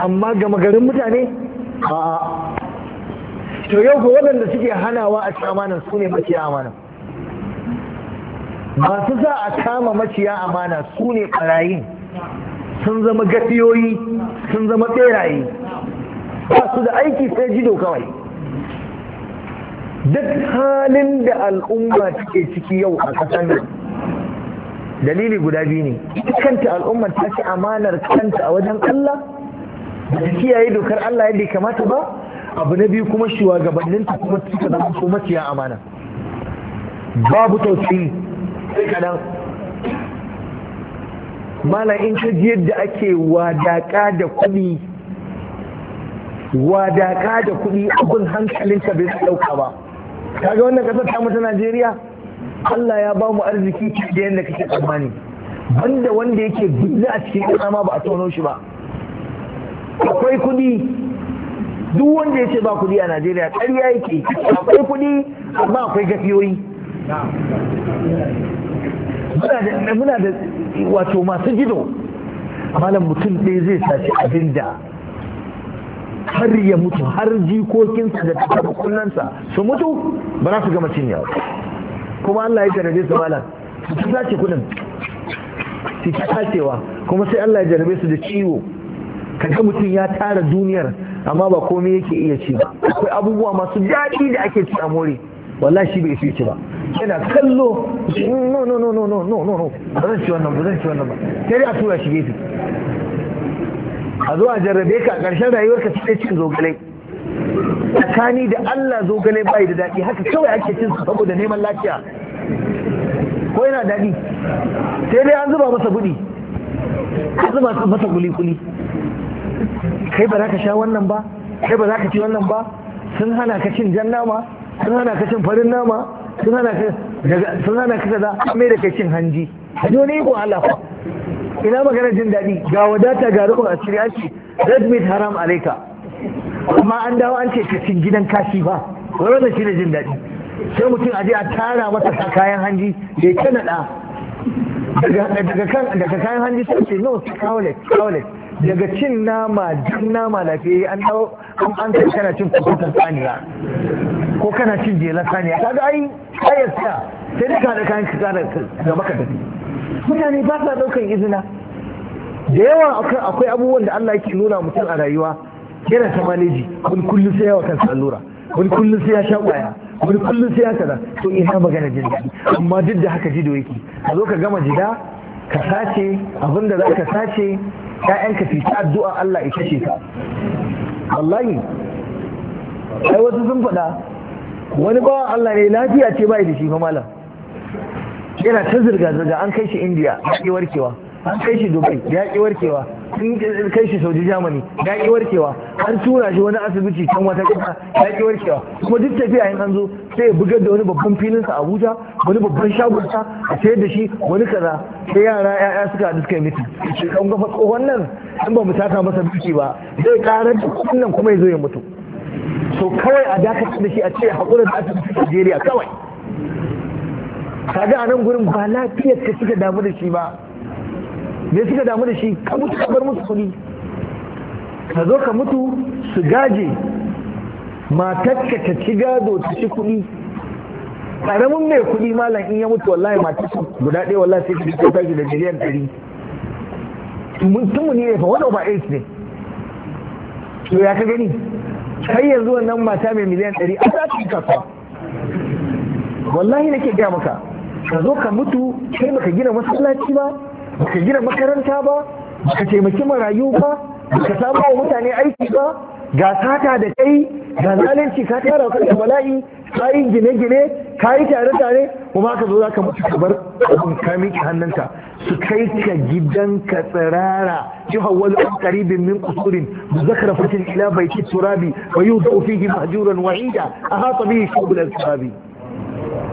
amma gama garin mutane a to yau ga waɗanda suke hanawa a cikin amana su ne maciya amana masu za a kama maciya amana su ne ɓarayin sun zama gafiyoyi sun zama ɓeraye ba su da aiki sai jido kawai duk halin da al'umma take ciki yau a ƙasar nan dalili guda biyu ne kanta al'umma ta ci amanar kanta a wajen Allah da kiyaye dokar Allah yadda ya kamata ba abu na biyu kuma ta kuma suka zama su maciya amana babu tausayi sai kaɗan in ka ji yadda ake wadaka da kuɗi wadaka da kuɗi abin hankalinka bai ɗauka ba kaga wannan kasar ta ta Najeriya Allah ya ba mu arziki da yadda kake tsammani banda wanda yake billa a cikin kasa ma ba a tono shi ba akwai kuɗi duk wanda yace ba kuɗi a Najeriya ƙarya yake akwai kuɗi amma akwai gafiyoyi muna da wato masu gido malam mutum ɗaya zai saci abinda. har ya mutu har jikokinsa da tattakunansa su mutu ba za su gama cinyewa kuma Allah ya jarabe su malam su sace kudin su ta sacewa kuma sai Allah ya jarabe su da ciwo kaga mutum ya tara duniyar amma ba komai yake iya ci ba akwai abubuwa masu daɗi da ake ci a more shi bai fi ba yana kallo no no no no no no no ba zan ci wannan ba zan ci wannan ba sai a tura shi gefe a zuwa a jarrabe ka ƙarshen rayuwarka sai cin zogale tsakani da Allah zogale bai da daɗi haka kawai ake cin su saboda neman lafiya ko yana daɗi sai dai an zuba masa buɗi an zuba masa kuli-kuli kai ba za ka sha wannan ba kai ba za ka ci wannan ba sun hana ka cin jan nama sun hana ka cin farin nama sun hana ka sun hana ka mai da kai cin hanji hanji wani iko Allah ina magana jin daɗi ga wadata ga rukun asiri an ce red meat haram alaika amma an dawo an ce cikin gidan kashi ba wani wanda shi ne jin daɗi sai mutum aje a tara masa kayan hanji da ya kanada daga kayan hanji sai ce no kawale kawale daga cin nama jin nama lafiya an dawo an ce kana cin kukutan saniya ko kana cin jela saniya kaga ai ayyasta sai dai ka da kayan ka da ka tafi mutane ba sa ɗaukan izina da yawa akwai abubuwan da Allah yake nuna mutum a rayuwa yana ta maleji wani kullum sai yawa kansa allura wani kullum sai ya sha ƙwaya wani kullum sai ya kaza to ina magana jin daɗi amma duk da haka jido yake ka zo ka gama jida ka sace abin da za ka sace ka su ta addu'a Allah ya kashe ka wallahi ai wasu sun faɗa wani bawan Allah ne lafiya ce bai da shi fa malam yana ta zirga-zirga an kai shi indiya ya ƙi warkewa an kai shi dubai ya ƙi warkewa an kai shi saudi germany ya ƙi warkewa an tura shi wani asibiti can wata kasa ya ƙi warkewa kuma duk tafiya yin an zo sai ya bugar da wani babban filin sa abuja wani babban shagon sa a sayar da shi wani kaza sai yara ya'ya suka haɗu suka yi miti kan gafa tsohon nan in ba mu taka masa biki ba zai ƙarar da kuɗin kuma ya zo ya mutu so kawai a dakatar da shi a ce haƙura da asibiti a Najeriya kawai kaga a nan gurin ba lafiyar ka suka damu da shi ba me suka damu da shi ka mutu ka bar musu kuɗi ka zo ka mutu su gaje matarka ta ci gado ta ci kuɗi ƙaramin mai kuɗi malam in ya mutu wallahi matarsa guda ɗaya wallahi sai ka ta tashi da miliyan ɗari mu ne fa wani ba eight ne to ya ka gani kai yanzu wannan mata mai miliyan ɗari a za ta yi kasuwa wallahi nake gaya maka ka zo ka mutu sai baka gina masallaci ba baka gina makaranta ba baka taimaki marayu ba baka samu wa mutane aiki ba ga sata da kai ga zalunci ka tara ka da bala'i ka yi gine-gine ka yi tare-tare kuma ka zo za ka mutu ka bar abin ka miƙe hannunka su kai ka gidanka tsirara jihawwal an qaribin min qusurin zakara fatin ila baiti turabi wa yudau fihi mahjuran wa inda ahata bihi shubul al-turabi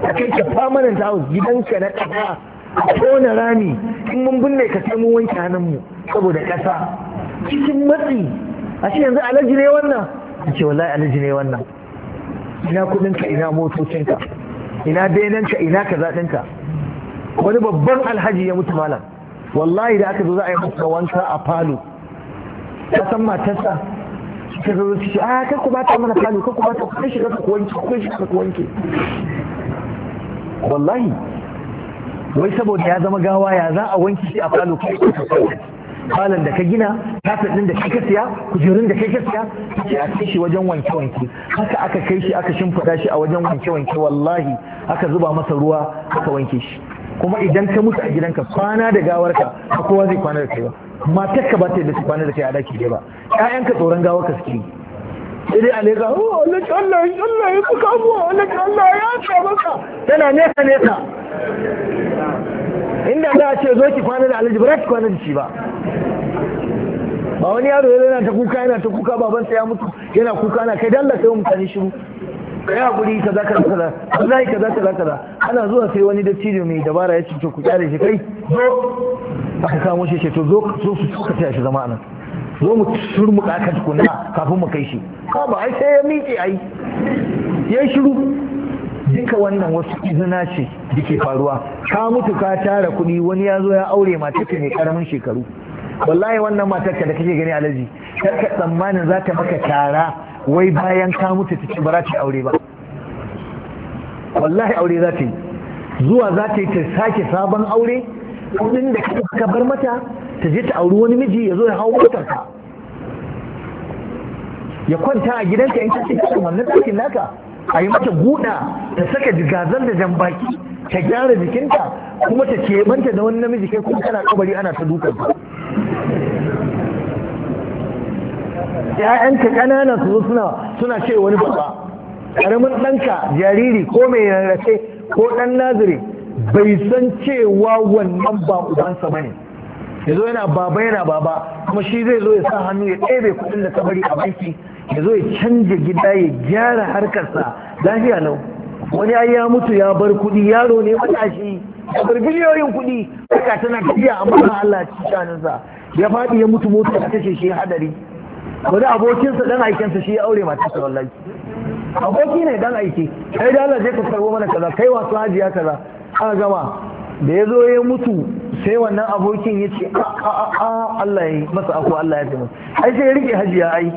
a kai ka permanent house gidanka na kasa a tona rami in mun binne ka sai mun wanke hannunmu saboda ƙasa cikin matsi a shi yanzu alaji ne wannan a ce wallahi alaji ne wannan ina kuɗinka ina motocinka ina benanka ina kaza ɗinka wani babban alhaji ya mutu malam wallahi da aka zo za a yi masa wanka a falo ta san matarsa ta zo ta ce a ah, kai ku bata mana falo kai ku bata ku kai shiga ku wanke ku kai shiga ku wanke wallahi wai saboda ya zama gawa ya za a wanki shi a falo kai falon da ka gina kafin din da kai ka siya kujerun da kai ka siya sai a kai shi wajen wanke wanke haka aka kai shi aka shimfiɗa shi a wajen wanke wanke wallahi aka zuba masa ruwa aka wanke shi kuma idan ka mutu a gidanka kwana da gawarka ka kowa zai kwana da kai ba matarka ba ta yadda su kwana da kai a daki ba ƴaƴanka tsoron gawarka suke yi sai dai aleka oh Allah Allah Allah ya saka mu Allah Allah ya saka maka tana nesa nesa inda za a ce zo ki kwana da alhaji ba ki kwana da shi ba ba wani yaro yana ta kuka yana ta kuka babansa ya mutu yana kuka na kai dalla sai mutane shiru kai hakuri kaza kaza kaza wallahi kaza kaza kaza ana zuwa sai wani dattijo mai dabara ya cuce ku kyale shi kai zo aka kamo shi ce to zo zo su tuka shi zama anan zo mu turmuka ka tukunna kafin mu kai shi ha ba ai sai ya miƙe ai ya shiru duka wannan wasu izina ce da faruwa ka mutu ka tara kuɗi wani ya zo ya aure matarka mai karamin shekaru wallahi wannan matarka da kake gani alaji kar ka tsammanin za ta maka tara wai bayan ka mutu ta ce ba za ta aure ba wallahi aure za ta yi zuwa za ta yi ta sake sabon aure kuɗin da ka bar mata ta je ta auri wani miji ya zo ya hau motarka ya kwanta a gidanka in kace cikin wannan ɗakin naka a yi mata guda ta saka gazan da jan baki ta gyara jikinta kuma ta keɓanta da wani namiji kai kuma tana kabari ana ta dukan ta ƴaƴanka ƙanana su zo suna suna ce wani baba ƙaramin ɗanka jariri ko mai rarrafe ko ɗan naziri bai san cewa wannan ba ubansa ba ne ya zo yana baba yana baba kuma shi zai zo ya sa hannu ya ɗebe kuɗin da ta a banki ya zo ya canja gida ya gyara harkarsa lafiya lau wani ai ya mutu ya bar kuɗi yaro ne matashi ya bar biliyoyin kuɗi haka tana tafiya amma ba Allah ci shanunsa ya faɗi ya mutu mota ta kashe shi hadari wani abokinsa dan aikensa shi ya aure matarsa wallahi aboki ne dan aiki kai da Allah zai ka karbo mana kaza kai wasu hajiya kaza ka gama da ya zo ya mutu sai wannan abokin ya ce a ah, ah, ah, Allah ya yi masa aku Allah ya fi masa ai sai ya rike hajiya ai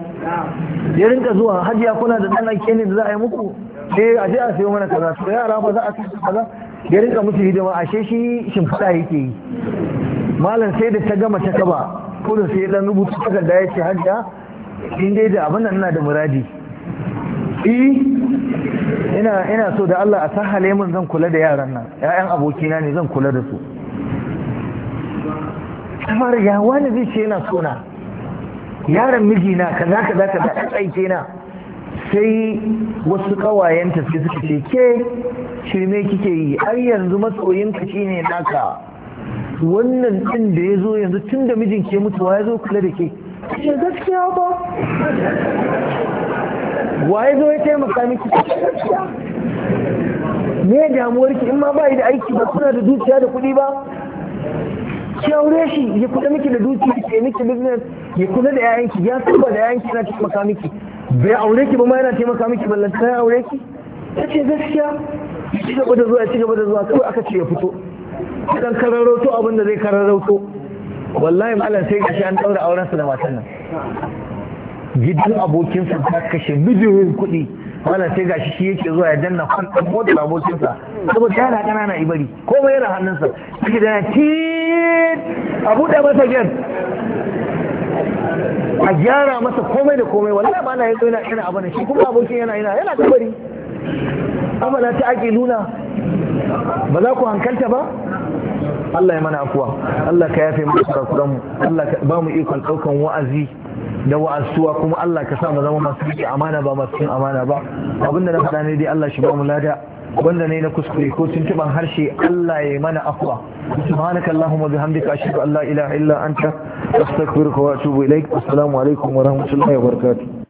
ya rinka zuwa hajiya kuna da ɗan ake ne da za a yi muku sai eh, a je a sayo mana kaza sai yara ba za a ci kaza ya rinka musu hidima ashe shi shimfiɗa yake yi malam sai da ta gama ta kaba kudin sai dan rubuta takarda ya ce hajiya in dai da abin nan ina da muradi e, ina so da Allah a sahale mun zan kula da yaran nan 'ya'yan abokina ne zan kula da su kamar ya wani zai ce yana sona yaron mijina kaza kaza za ka aike na sai wasu kawayenta sai suka ce ke shirme kike yi har yanzu matsoyinka ne naka wannan din da ya zo yanzu tun da mijin ke mutuwa ya zo kula da ke ce gaskiya ba wa ya zo ya taimaka miki me damuwarki in ma ba yi da aiki ba kuna da dukiya da kuɗi ba ki aure shi ya kula miki da dukiya ya miki business ya kula da yayanki ya saba da yayanki yana taimaka miki bai aure ki ba ma yana taimaka miki ballan sai aure ki ta ce gaskiya ci gaba da zuwa ci gaba da zuwa kawai aka ce ya fito dan kararauto abin da zai kararauto wallahi malam sai gashi an daura auren sa da matan nan gidan abokin sa ta kashe miliyoyin kuɗi wala sai ga shi yake zuwa ya danna kwan ɗan motar abokinsa saboda yana ƙanana ibari komai yana hannunsa suke da tit a buɗe masa gen a gyara masa komai da komai wala ba na yanzu yana ina abana shi kuma abokin yana ina yana kabari na ta ake nuna ba za ku hankalta ba Allah ya mana afuwa Allah ka yafe mu mu Allah ka ba mu ikon ɗaukan wa'azi da wa'asuwa kuma Allah ka sa mu zama masu riƙe amana ba masu cin amana ba abinda na faɗa ne dai Allah shi ba mu lada wanda ne na kuskure ko tuntuban harshe Allah ya mana afwa subhanaka allahumma bihamdika ashhadu an la ilaha illa anta astaghfiruka wa atubu ilaik assalamu alaikum wa rahmatullahi wa barakatuh